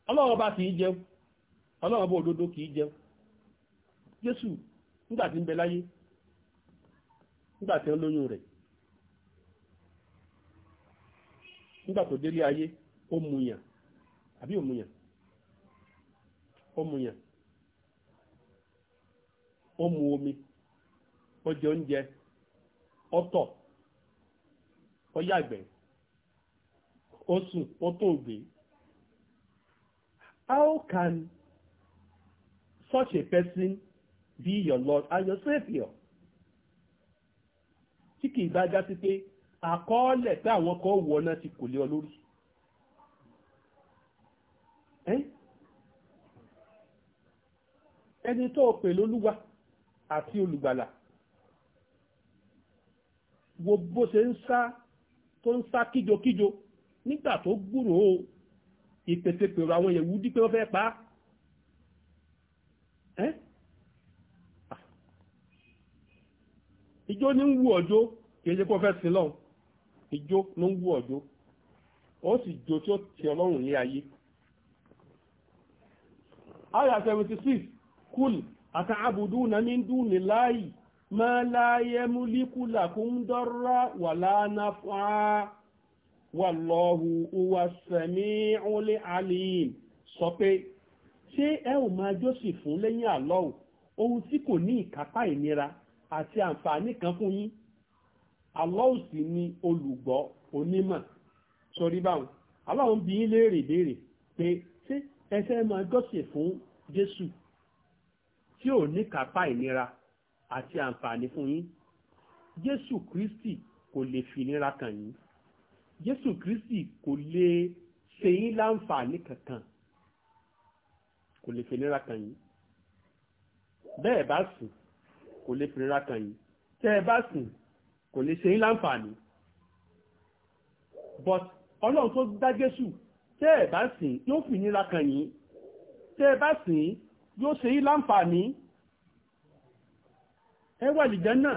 Speaker 1: ọlọ́run ọba kìí jẹun ọlọ́run bó òdodo kìí jẹun jésù nígbàtí ń bẹ láyé nígbàtí ń lóyún rẹ̀ nígbà tó délé ayé ó muyàn àbí òmuyàn ó ó mu omi ó jẹ oúnjẹ ó ó How can such a person be your Lord and your Savior? Tí kìí bá já sí pé àkọọ́lẹ̀ pé àwọn kan wọ̀ náà ti kò lé ọ lórí. Ẹni tó pè lólúwa àti olùgbàlà. Wo bó ṣe ń sá tó ń sá kíjokíjo nígbà tó gbúròó ìpèsèpèrò àwọn Yẹhudi pé wọ́n fẹ́ pa á ijó ní ń wú ọjọ́ kìí ṣe pé wọ́n fẹ́ sin lọ́hùn ijó ní ń wú ọjọ́ ó sì jó tí ó ti ọlọ́run ní ayé aya 76 kúl àtàbùdúnà min dunillahi ma la yamliku lakum darra wala naf'a wallahu huwa sami'ul alim sọ pé ṣé ẹ ò máa jọ́sìn fún lẹ́yìn Allahu ohun tí kò ní ìkápá ìnira àti àǹfààní kan fún yín Allahu sì ni olùgbọ́ onímọ̀ sọrí báwọn Allah ń bi yín léèrè béèrè pé ṣé ẹ máa jọ́sìn fún Jésù tí ò ní kápá ìnira àti àǹfààní fún yín Jésù Kristi kò lè fi ìnira kàn yín Jésù Kristi kò lè ṣe yín láǹfààní kankan kò lè fi nira kan yín bẹ́ẹ̀ bá sùn kò lè fi nira kan yín tẹ́ ẹ bá sùn kò lè ṣe láǹfààní but ọlọ́run tó dá Jésù tẹ́ ẹ bá sìn yóò fi nira kan yín tẹ́ ẹ bá sìn yóò ṣe yín láǹfààní ẹ wà lìjẹ́ náà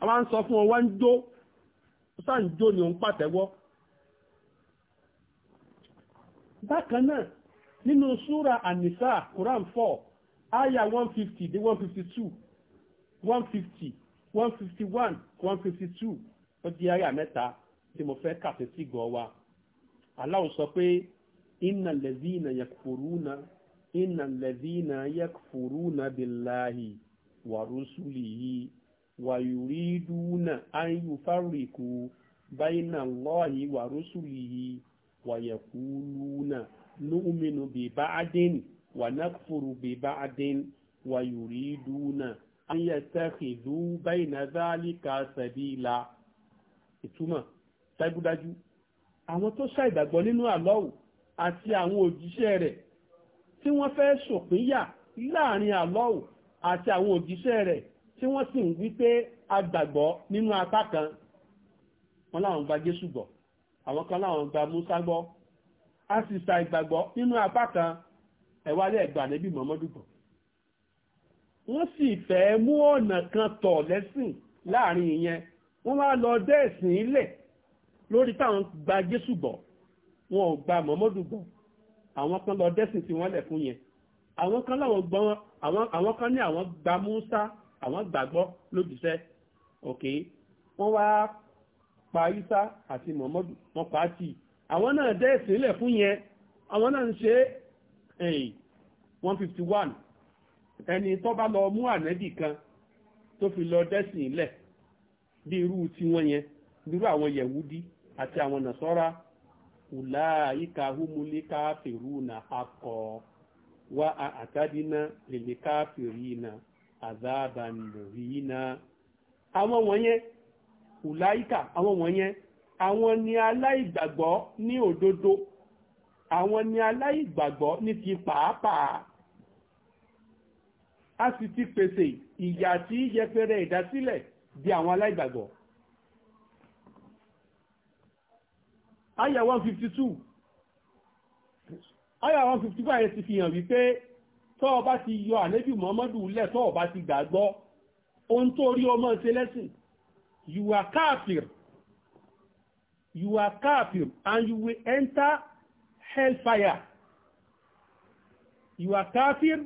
Speaker 1: a máa ń sọ fún ọ wá ń jó sáàjò ni òun pàtẹ́wọ́ bákan náà nínú súra ànìsá Quran 4 aya 150 dé 152 150 151 152 ó di aya mẹ́ta tí mo fẹ́ kàfẹ́ sí gọ́ wa Allah sọ pé inna na yakfuruna inna lẹ́zínà yakfuruna billahi wa rusulihi wàyùrídùúnà ayùfárìkù báyìnà lọ́ọ̀hì wàrúsùlìhì wàyẹ̀kúlùúnà nùmínú bèbá adén wànàkùrù bèbá adén wàyùrídùúnà ayẹ̀tẹ̀kìdú báyìnà záàlìkà sẹ̀bíìlà. ìtumọ̀ dájúdájú àwọn tó ṣàìgbàgbọ́ nínú àlọ́wù àti àwọn òjíṣẹ́ rẹ̀ tí wọ́n fẹ́ ṣòpínyà láàrin àlọ́wù àti àwọn òjíṣẹ́ rẹ̀ tí wọ́n sì ń wí pé agbàgbọ́ nínú apá kan wọn láwọn gba Jésù gbọ́ àwọn kan láwọn gba Musa gbọ́ a sì sa ìgbàgbọ́ nínú apá kan ẹ̀wá lẹ́ gbà níbi Muhammadu gbọ́ wọ́n sì fẹ́ mú ọ̀nà kan tọ̀ lẹ́sìn láàrin ìyẹn wọ́n wá lọ dé ẹ̀sìn ilẹ̀ lórí táwọn gba Jésù gbọ́ wọn ò gba Muhammadu gbọ́ àwọn kan lọ dẹ́sìn tí wọ́n lẹ̀ fún yẹn àwọn kan láwọn gbọ́n àwọn kan ní àwọn gba Musa àwọn gbàgbọ́ lójúṣẹ́ òkè wọ́n wá pa isa àti muhammadu wọ́n pa á tì àwọn náà dẹ́ ìsìnlẹ̀ fún yẹn àwọn náà ń ṣe ẹ̀yìn 151 ẹni tó bá lọ mú ànẹ́bì kan tó fi lọ dẹ́sìn ilẹ̀ bí irú tí wọ́n yẹn irú àwọn yẹ̀wúdí àti àwọn nàṣọ́ra ùlà ìka húmúlé káfìrú nà akọ̀ wá àtàdínà lèlè káfìrí náà àzáàbà lòrìnà àwọn wọ̀nyẹn ùláìkà àwọn wọ̀nyẹn àwọn ni aláìgbàgbọ́ ní òdodo àwọn ni aláìgbàgbọ́ ní ti pàápàá a sì ti pèsè ìyà tí yẹpẹrẹ ìdásílẹ̀ di àwọn aláìgbàgbọ́ aya 152 aya 155 ti fi hàn wípé tọ́ ọba ti yọ ànábì muhammadu lẹ̀ tọ́ ọba ti gbàgbọ́ ohun tó rí ọmọ ṣe lẹ́sìn you are kafir you are kafir and you will enter hellfire you are kafir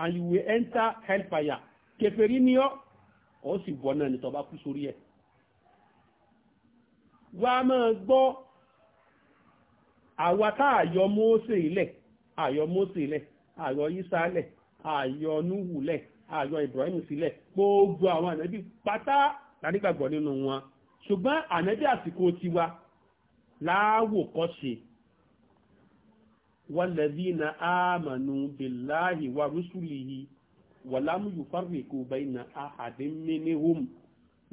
Speaker 1: and you will enter hellfire kèfèrí ni ọ́ ọ́ sì bọ́ náà ní tọ́ bá kú sórí ẹ̀ wàá máa gbọ́ àwa tá àyọ Mósè ilẹ̀ àyọ Mósè ilẹ̀ àyọ ìsàlẹ̀ àyọ núhùlẹ̀ àyọ Ibrahim sílẹ̀ gbogbo àwọn ànábì pátá lánígbàgbọ́ nínú wọn ṣùgbọ́n ànábì àsìkò tiwa láàwò kọ́ ṣe wàlẹ́dínà àmànù bìláhì wà rúṣùlìhì wà lámùyù fárìkù bẹ́ẹ̀nà àhàdínmínihùm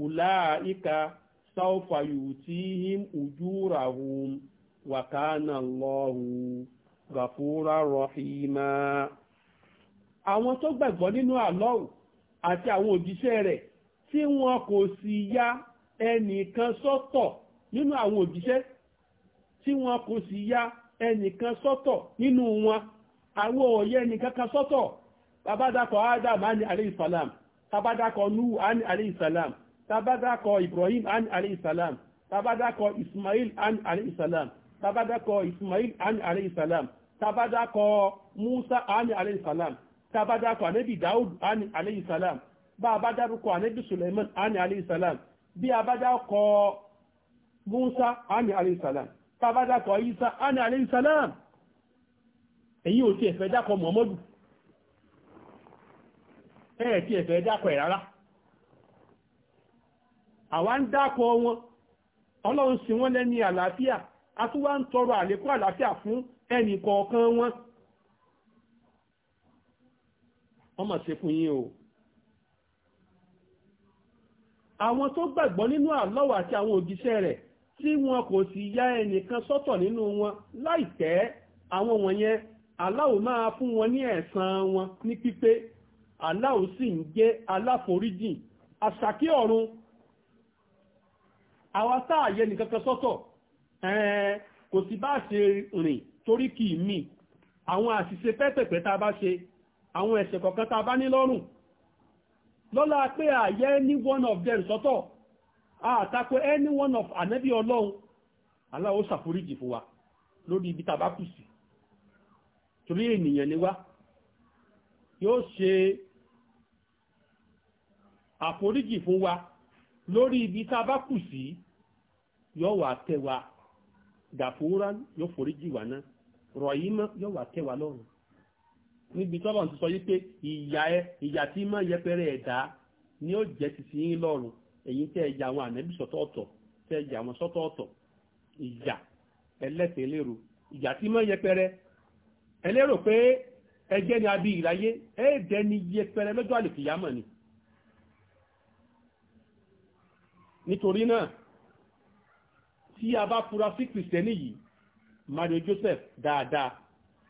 Speaker 1: ùláìka sáwọ́fà gàfúrà rọ̀hìmá àwọn tó gbàgbọ́ nínú àlọ́hùn àti àwọn òjíṣẹ́ rẹ̀ tí wọn kò sì ya ẹnìkan sọ́tọ̀ nínú àwọn òjíṣẹ́ tí wọn kò sì ya ẹnìkan sọ́tọ̀ nínú wọn àwọn òye ẹnìkan kan sọ́tọ̀ tabadakọ̀ adam ani aleyhisalam tabadakọ̀ nuhu ani aleyhisalam tabadakọ̀ ibrahim ani aleyhisalam tabadakọ̀ ismail ani aleyhisalam tabadakọ̀ ismail ani aleyhisalam tabadakọ musa ani alayhi salam tabadakọ anabi daud ani bá a anabi suleiman ani alayhi salam bí a musa ani salam a isa ani alayhi salam èyí ò tí ẹ̀fẹ́ dákọ muhammadu ẹ̀ tí ẹ̀fẹ́ dákọ ẹ̀ rárá àwa ń dákọ wọn ọlọ́run sí wọn lẹ́ni àlàáfíà a tún wá ń tọrọ àlékún ẹnì kọ̀ọ̀kan wọn wọ́n mà ṣe fún yín o àwọn tó gbàgbọ́ nínú àlọ́wọ̀ àti àwọn òjíṣẹ́ rẹ̀ tí wọn kò sì ya ẹnìkan sọ́tọ̀ nínú wọn láìpẹ́ àwọn wọ̀nyẹn aláwo máa fún wọn ní ẹ̀san wọn ní pípé aláwo sì ń jẹ́ aláforíjìn àṣàkí ọ̀run àwa táàyẹ nìkankan sọ́tọ̀ kò sì bá ṣe rìn torí kì í mì àwọn àṣìṣe pẹ́pẹ̀pẹ́ tá a bá ṣe àwọn ẹ̀ṣẹ̀ kọ̀ọ̀kan tá a bá ní lọ́rùn lọ́la pé àyẹ any one of them sọ́tọ̀ àtakò any one of ànẹ́bí ọlọ́run Allah ó fún wa lórí ibi tá kù sí torí ènìyàn ni wá yóò ṣe àforíjì fún wa lórí ibi tá a bá kù sí yóò wà tẹ́ wa yóò foríjì wa náà rọ̀ yìí mọ́ yóò wà tẹ́wà lọ́rùn níbi tọ́lọ̀ ti sọ yí pé ìyà ẹ ìyà tí mọ́ yẹpẹrẹ ẹ̀dá ni ó jẹ́ ti sìn yín lọ́rùn èyí tẹ́ ẹ̀yà àwọn ànẹ́bí sọ́tọ̀ọ̀tọ̀ tẹ́ ẹ̀yà àwọn sọ́tọ̀ọ̀tọ̀ ìyà ẹlẹ́sẹ̀ lérò ìyà tí mọ́ yẹpẹrẹ ẹlérò pé ẹjẹ́ ni abí ìráyé ẹ̀ẹ́dẹ́ ni yẹpẹrẹ lọ́jọ́ àlùkìyámọ̀ ni nítorí náà tí a bá fura sí kìrìsìtẹ́nì yìí Mario Joseph dáadáa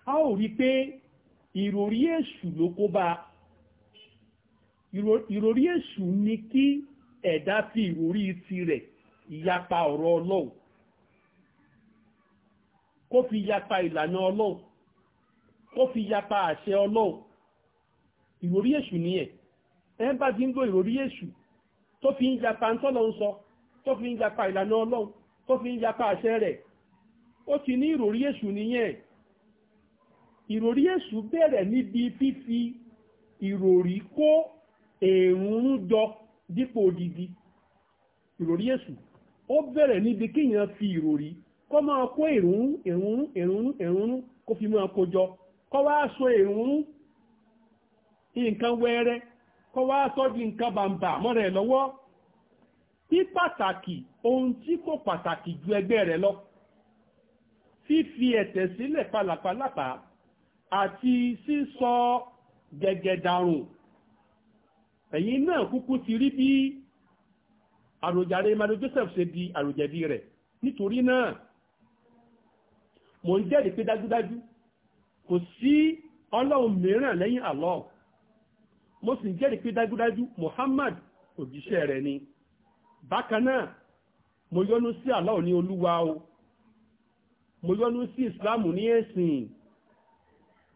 Speaker 1: a ó rí pé ìròrí èṣù ló kó bá ìròrí èṣù ni kí ẹ̀dá fi ìròrí tirẹ̀ ìyapa ọ̀rọ̀ Ọlọ́run kó fi yapa ìlànà Ọlọ́run kó fi yapa àṣẹ Ọlọ́run ìròrí èṣù ni ẹ̀ ẹ̀ bá ti ń lo ìròrí èṣù tó fi ń yapa ń tọ́lọ́ ń sọ tó fi ń yapa ìlànà Ọlọ́run tó fi ń yapa àṣẹ rẹ̀ ó ti ní ìròrí èṣù nìyẹn ìròrí èṣù bẹ̀rẹ̀ níbi fífi ìròrí kó èrúnrún jọ dípò odidi ìròrí èṣù ó bẹ̀rẹ̀ níbi kíyàn fi ìròrí kọ́ máa kó èrúnrún èrúnrún èrúnrún èrúnrún kó fi máa kó jọ kọ́ wá èrúnrún nǹkan wẹ́rẹ́ kọ́ wá sọ di nǹkan bàǹbà mọ́rẹ̀ lọ́wọ́ bí pàtàkì ohun tí kò pàtàkì ju ẹgbẹ́ lọ fífi ẹ̀tẹ̀ sílẹ̀ pálapàlapà àti sísọ gẹ̀gẹ̀dàrùn ẹ̀yin náà kúkú ti rí bí àròjàre mado Joseph ṣe di àròjẹ̀bi rẹ̀ nítorí náà mo ń jẹ́rìí pé dájúdájú kò sí ọlọ́run mìíràn lẹ́yìn Allah mo sì ń jẹ́rìí pé dájúdájú Muhammad òjíṣẹ́ rẹ̀ ni bákan mo yọ́nú sí Allah ní olúwa o mo yọ́nú sí islam ní ẹ̀sìn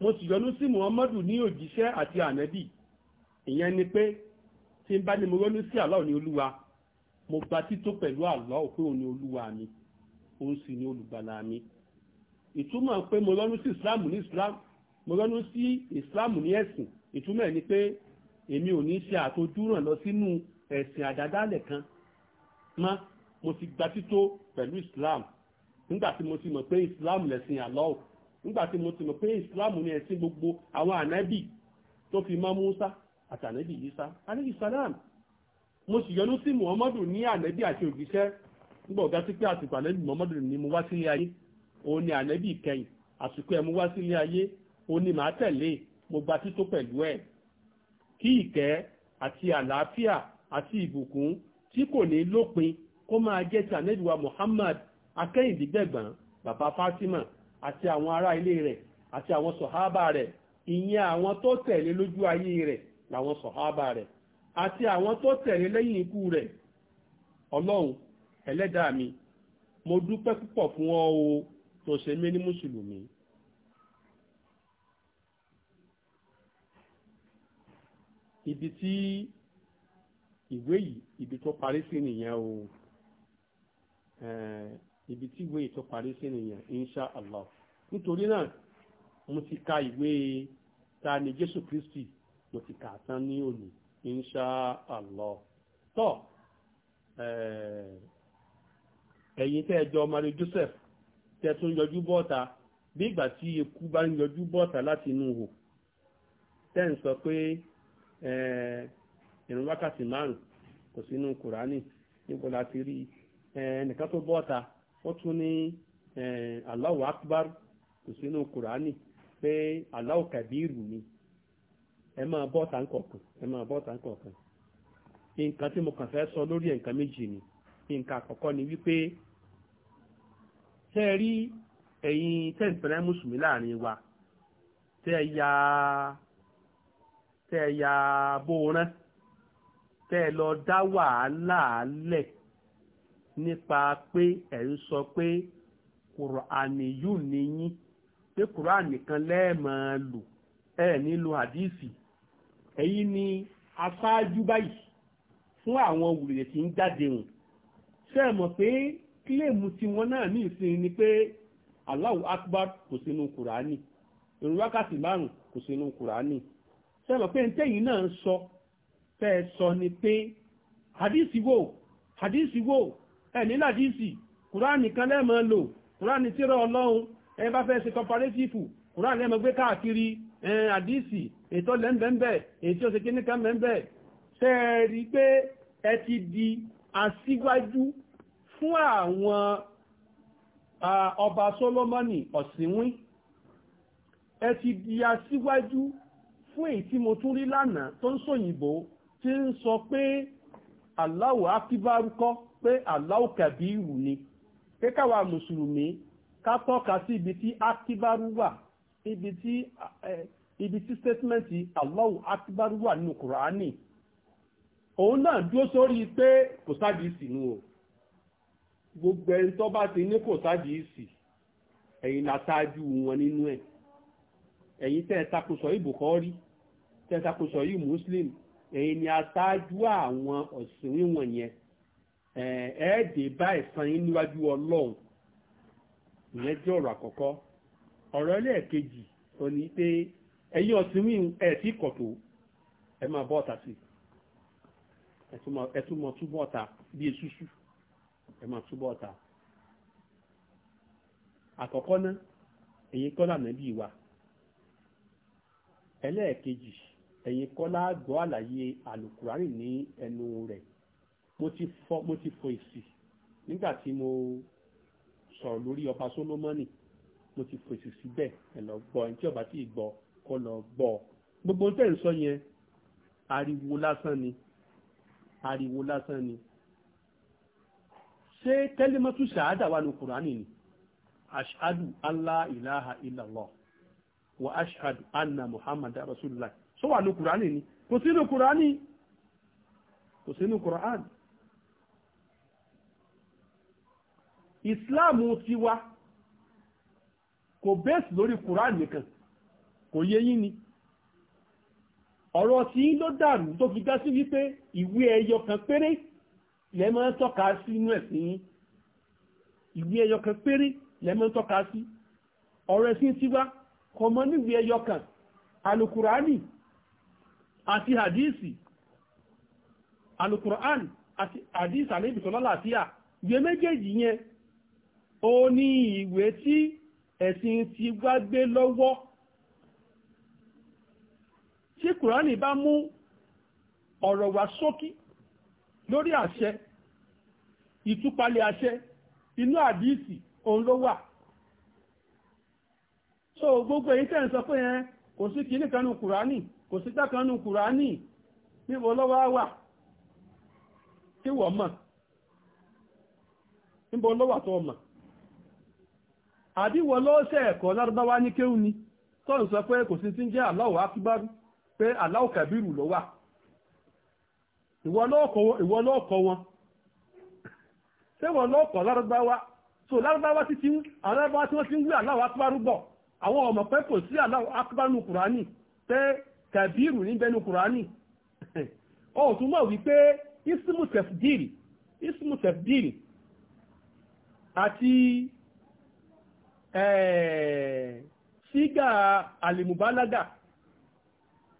Speaker 1: mo sì yọ́nú sí muhammadu ní òjíṣẹ́ àti ànábì ìyẹn ni pé tí n bá ní mo yọ́nú sí Allah ní olúwa mo gba tító pẹ̀lú Allah pé òun ni olúwa mi òun sì ni olùgbàlà mi ìtumọ̀ pé mo yọ́nú sí islam ní islam mo yọ́nú sí islam ní ẹ̀sìn ìtumọ̀ ni pé èmi ò ní ṣe àtòjúràn lọ sínú ẹ̀sìn àdádálẹ̀ kan mọ́ mo ti gba tító pẹ̀lú islam nígbà tí mo ti mọ̀ pé islam lẹ̀sìn Allah nígbà tí mo ti mọ̀ pé islam ẹ̀sìn gbogbo àwọn ànábì tó fi Musa àti Isa mo sì Muhammadu ní ànábì àti òjíṣẹ́ sí pé àsìkò ànábì Muhammadu ni mo wá sílé ayé ni ànábì kẹyìn àsìkò ẹ̀ mo wá sílé ni màá tẹ̀lé mo gba tító pẹ̀lú ẹ̀ kí ìkẹ́ àti àlàáfíà àti ìbùkún tí kò ní lópin kó máa jẹ́ ti ànábì Muhammad akẹ́yìndígbẹ̀gbọ́n bàbá Fátímà àti àwọn ará ilé rẹ̀ àti àwọn sọ̀hábà rẹ̀ ìyẹn àwọn tó tẹ̀lé lójú ayé rẹ̀ làwọn sọ̀hábà rẹ̀ àti àwọn tó tẹ̀lé lẹ́yìn ikú rẹ̀ ọlọ́run ẹlẹ́dàá mi mo dúpẹ́ púpọ̀ fún ọ o tó ṣe mí ní mùsùlùmí ibi tí ìwé yìí ibi tó parí sí nìyẹn o ibi tí ìwé ètò parí sí nìyẹn insha allah nítorí náà mo ti ka ìwé ta ni jésù kristi mo ti kà tán ní òní insha allah tọ eh, ẹ̀yin tẹ́ ẹ jọ ọmọdé joseph tẹ́ tún yọjú bọ́ọ̀ta bí ìgbà tí eku bá ń yọjú bọ́ọ̀ta láti inú hò tẹ́ ń sọ pé eh, ìrun wákàtí márùn kò sínú kùránì níbo la ti rí eh, ẹnìkan tó bọ́ọ̀ta ó tún ní aláwọ̀ akbar kò sínú kùránì pé kabiru ni ẹ máa bọ́ tàǹkọ̀ọ̀kan ẹ máa bọ́ tàǹkọ̀ọ̀kan nǹkan tí mo kàn fẹ́ sọ lórí nǹkan méjì ni nǹkan àkọ́kọ́ ni wípé tẹ́ rí ẹ̀yin mùsùlùmí láàrin wa tẹ́ ya tẹ́ ya lọ dá wàhálà lẹ̀ nípa pé ẹ̀ ń sọ pé kùránì yùn ní yín pé kùránì kan lẹ́ẹ̀mọ̀ọ́ lò ẹ̀ nílò àdíìsì èyí ni aṣáájú báyìí fún àwọn wùrìyẹ̀ tí ń jáde hùn ṣé ẹ mọ̀ pé kílèmù náà ní ìsinmi ni pé Allahu Akbar kò sínú kùránì ìrun wákàtí márùn kò sínú kùránì ṣé pé ntẹ́yìn náà ń sọ fẹ́ sọ ni pé hadisi wo hadisi wo ẹ̀ ní làdíìsì kùránì kan lẹ́mọ̀ lò kùránì tírà ọlọ́run ẹ bá fẹ́ ṣe kọparétífù kùránì lẹ́mọ̀ gbé káàkiri àdíìsì ètò lẹ́m̀bẹ̀m̀bẹ̀ èyí tí ó ṣe kí níkan mẹ́m̀bẹ̀ ṣe rí pé ẹ ti di aṣíwájú fún àwọn ọba Sólómọ́nì ọ̀sìnwín ẹ ti di aṣíwájú fún èyí tí mo tún rí lánàá tó ń sòyìnbó tí ń sọ pé Allahu akíbárúkọ́ pé Allahu Kabiru ni pé káwa mùsùlùmí ká tọ́ka sí ibi tí akíbárú wà ibi tí ibi tí Allahu akíbárú wà nínú Kùránì òun náà dúró sórí pé kò sáàdì ìsìnú o gbogbo ẹni tó bá ti ní kò sáàdì ìsì ẹ̀yin látàájú wọn nínú ẹ̀ ẹ̀yin tẹ́ ẹ takùsọ̀ yìí Bukhari Muslim ni aṣáájú àwọn ọ̀sìn wíwọ̀n yẹn ẹ̀ẹ́dẹ̀ bá san yín níwájú ọlọ́run ìyẹn jẹ́ ọ̀rọ̀ àkọ́kọ́ ọ̀rọ̀ ẹlẹ́ẹ̀kejì ò ní pé ẹ̀yin ọ̀sìn mi ẹ̀ tí kọ̀ tó ẹ máa bọ́ ọ̀tà sí ẹ̀ tún mọ túbọ̀ ọ̀tà bí esusu ẹ̀ máa túbọ̀ ọ̀tà àkọ́kọ́ ná ẹ̀yin kọ́ lànà bí wa ẹlẹ́ẹ̀kejì ẹ̀yin kọ́ lágbọ́ àlàyé àlùkùránì ní ẹnu rẹ̀ mo ti fọ mo ti fọ èsì nígbà tí mo sọ̀rọ̀ lórí ọba Sólómọ́nì mo ti fọ èsì síbẹ̀ ẹ̀ lọ gbọ́ ẹni tí ọba tí ì gbọ́ kọ́ lọ gbọ́ gbogbo tẹ́ ń sọ yẹn ariwo lásán ni ariwo lásán ni ṣé kẹ́límọ́tù ṣàádà wà ní Kùránì ni ashadu allah ilaha illallah wa ashadu anna muhammad rasulullah sọ wà ní Kùránì ni kò sínú Kùránì kò sínú Kùránì. ìsìláàmù tiwa kò bẹ́ẹ̀sì lórí kùrán nìkan kò yé yín ni ọ̀rọ̀ tí ló dàrú tó fi dá sí wípé ìwé ẹyọ kan péré lẹ máa ń tọ́ka sí inú ẹ̀sìn yín ìwé ẹyọ kan péré lẹ máa tọ́ka sí ọ̀rọ̀ ẹ̀sìn tiwa kò mọ níwé ẹyọ kan alukurani àti hadisi alukurani àti hadisi alebisọlọ́lá àti à ìwé méjèèjì yẹn ó ní ìwé tí ẹ̀sìn ti wá gbé lọ́wọ́ tí kùránì bá mú ọ̀rọ̀ wá sókí lórí àṣẹ ìtúpalẹ̀ àṣẹ inú àdíìsì òun ló wà so gbogbo èyí tẹ́ ń sọ pé yẹn kò sí kìíní kanú kùránì kò sí tákanú kùránì níbo lọ́wọ́ wà kí wọ́n mọ̀ níbo lọ́wọ́ tó mọ̀ àbí wọ́n lọ́ọ́sẹ̀ ẹ̀kọ́ lárúbáwá ní kéwù ni tó ń sọ pé kò sí ti ń jẹ́ pé Kabiru wà ìwọ wọn ṣé so lárúbáwá tí ti ń alárúbáwá tí wọ́n ti ń gbé si Akbar bọ̀ àwọn ọmọ pé kò sí kùránì pé Kabiru níbẹ̀ nù kùránì mọ̀ ismu ismu àti Eh, sígà àlèmùbálágà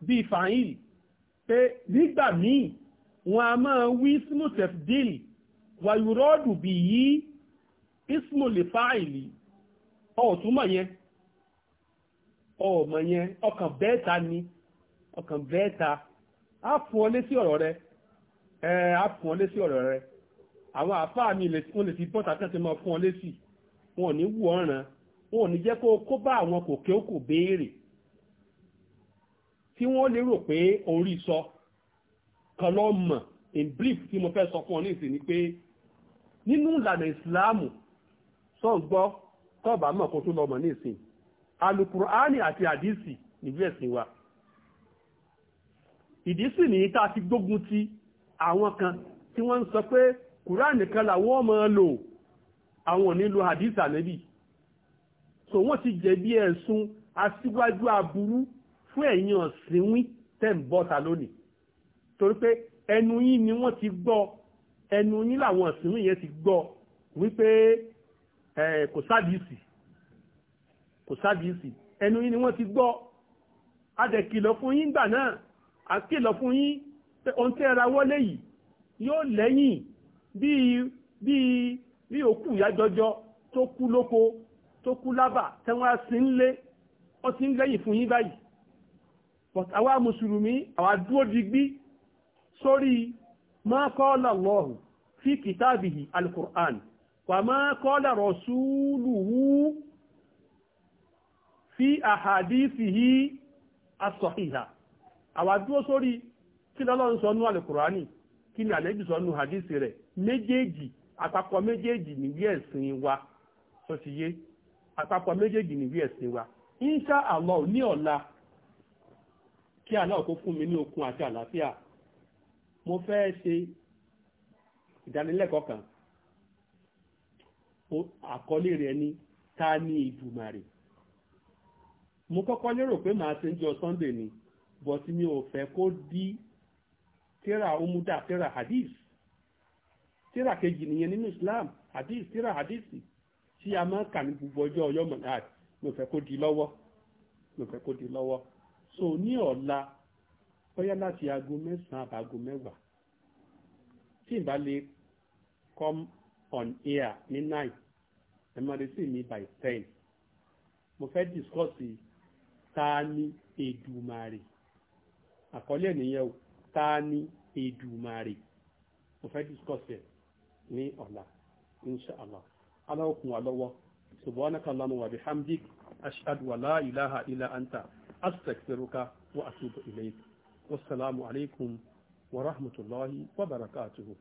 Speaker 1: bíi fàáyìn pé nígbà míì wọn a máa wí smutef deal wàyúrọ́ọ̀dù bí yí ismo fáìlì ọ̀túnmọ̀ yẹn ọ̀mọ̀ yẹn ọkàn bẹ́ẹ̀ta ni ọkàn bẹ́ẹ̀ta á fún ọ létí ọ̀rọ̀ rẹ ẹ á fún ọ létí ọ̀rọ̀ rẹ àwọn àfáà mi wọ́n lè ti bọ́ta fún ọ wọn ò ní wù wọn ò ní jẹ́ kó kó bá àwọn kò kí ó kò béèrè tí wọ́n lérò pé orí sọ kan lọ mọ̀ in brief tí mo fẹ́ sọ fún ọ ní ìsìn ni pé nínú ìlànà ìsìláàmù sọ gbọ́ tọ́ọ̀bà mọ̀ kó tó lọ mọ̀ ní ìsìn alukur'ani àti àdìsì nìlú ẹ̀sìn wa ìdí sì ní tá ti gbógun ti àwọn kan tí wọ́n ń sọ pé kùránì kan làwọn máa lò àwọn ò ní lo so wọ́n ti jẹ̀bi ẹ̀sùn aṣíwájú aburú fún ẹ̀yin ọ̀sìnwí tẹ̀m̀bọ́ta lónìí torí pé ẹnu yín ni wọ́n ti gbọ́ ẹnu yín làwọn ọ̀sìnwí yẹn ti gbọ́ wípé kò sáàdìsì kò sáàdìsì ẹnu yín ni wọ́n ti gbọ́ adẹ̀kìlọ̀ fún yín gbà náà àkìlọ̀ fún yín ohun tẹ́ ra wọlé yìí yóò lẹ́yìn bíi bíi bí òkú ìyá jọjọ tó kú lóko tó kú lábà tẹ́wọ́n á sí ń lé wọ́n ti ń lẹ́yìn fún yín báyìí but àwa mùsùlùmí àwa dúró digbí sórí ma qala Allah fi kìtàbìhì al-Qur'an wà ma qala fi ahadithihi as-sahiha àwa dúró sórí kí lọ́lọ́run sọ nú al-Qur'ani kí ni àlẹ́bí sọ hadisi hadith rẹ̀ méjèèjì àpapọ̀ méjèèjì nígbé ẹ̀sìn wa sọ àpapọ̀ méjèèjì nìwé ẹ̀sìn wa insha Allah ní ọ̀la kí Allah kó fún mi ní okun àti àlàáfíà mo fẹ́ ṣe ìdánilẹ́kọ̀ọ́ kan àkọlé rẹ̀ ni ta ni ìdùmarè mo kọ́kọ́ lérò pé màá ṣe ń jọ Sunday ni bọ̀tí mi ò fẹ́ kó di tíra omuda tíra hadith tíra kejì nìyẹn nínú Islam hadith tíra hadith, tíra, hadith tí a máa kà ní gbogbo ọjọ́ ọyọ́ monad mo fẹ́ kó di lọ́wọ́ mo fẹ́ kó di lọ́wọ́ so ní ọ̀la bóyá láti aago mẹ́sàn-án àbáago mẹ́wàá tí ìbá lè come on air ní nine ẹ máa retí mi by ten mo fẹ́ discuss ta ni Èdùmàrè àkọlé nìyẹn o ta ni Èdùmàrè mo fẹ́ discuss ẹ̀ ní ọ̀la insha Allah. aláwọ̀kùn wa lọ́wọ́ subhanaka allahumma wa bihamdik ashhadu wa la ilaha illa anta astaghfiruka wa atubu ilayk wassalamu alaikum wa rahmatullahi wa barakatuhu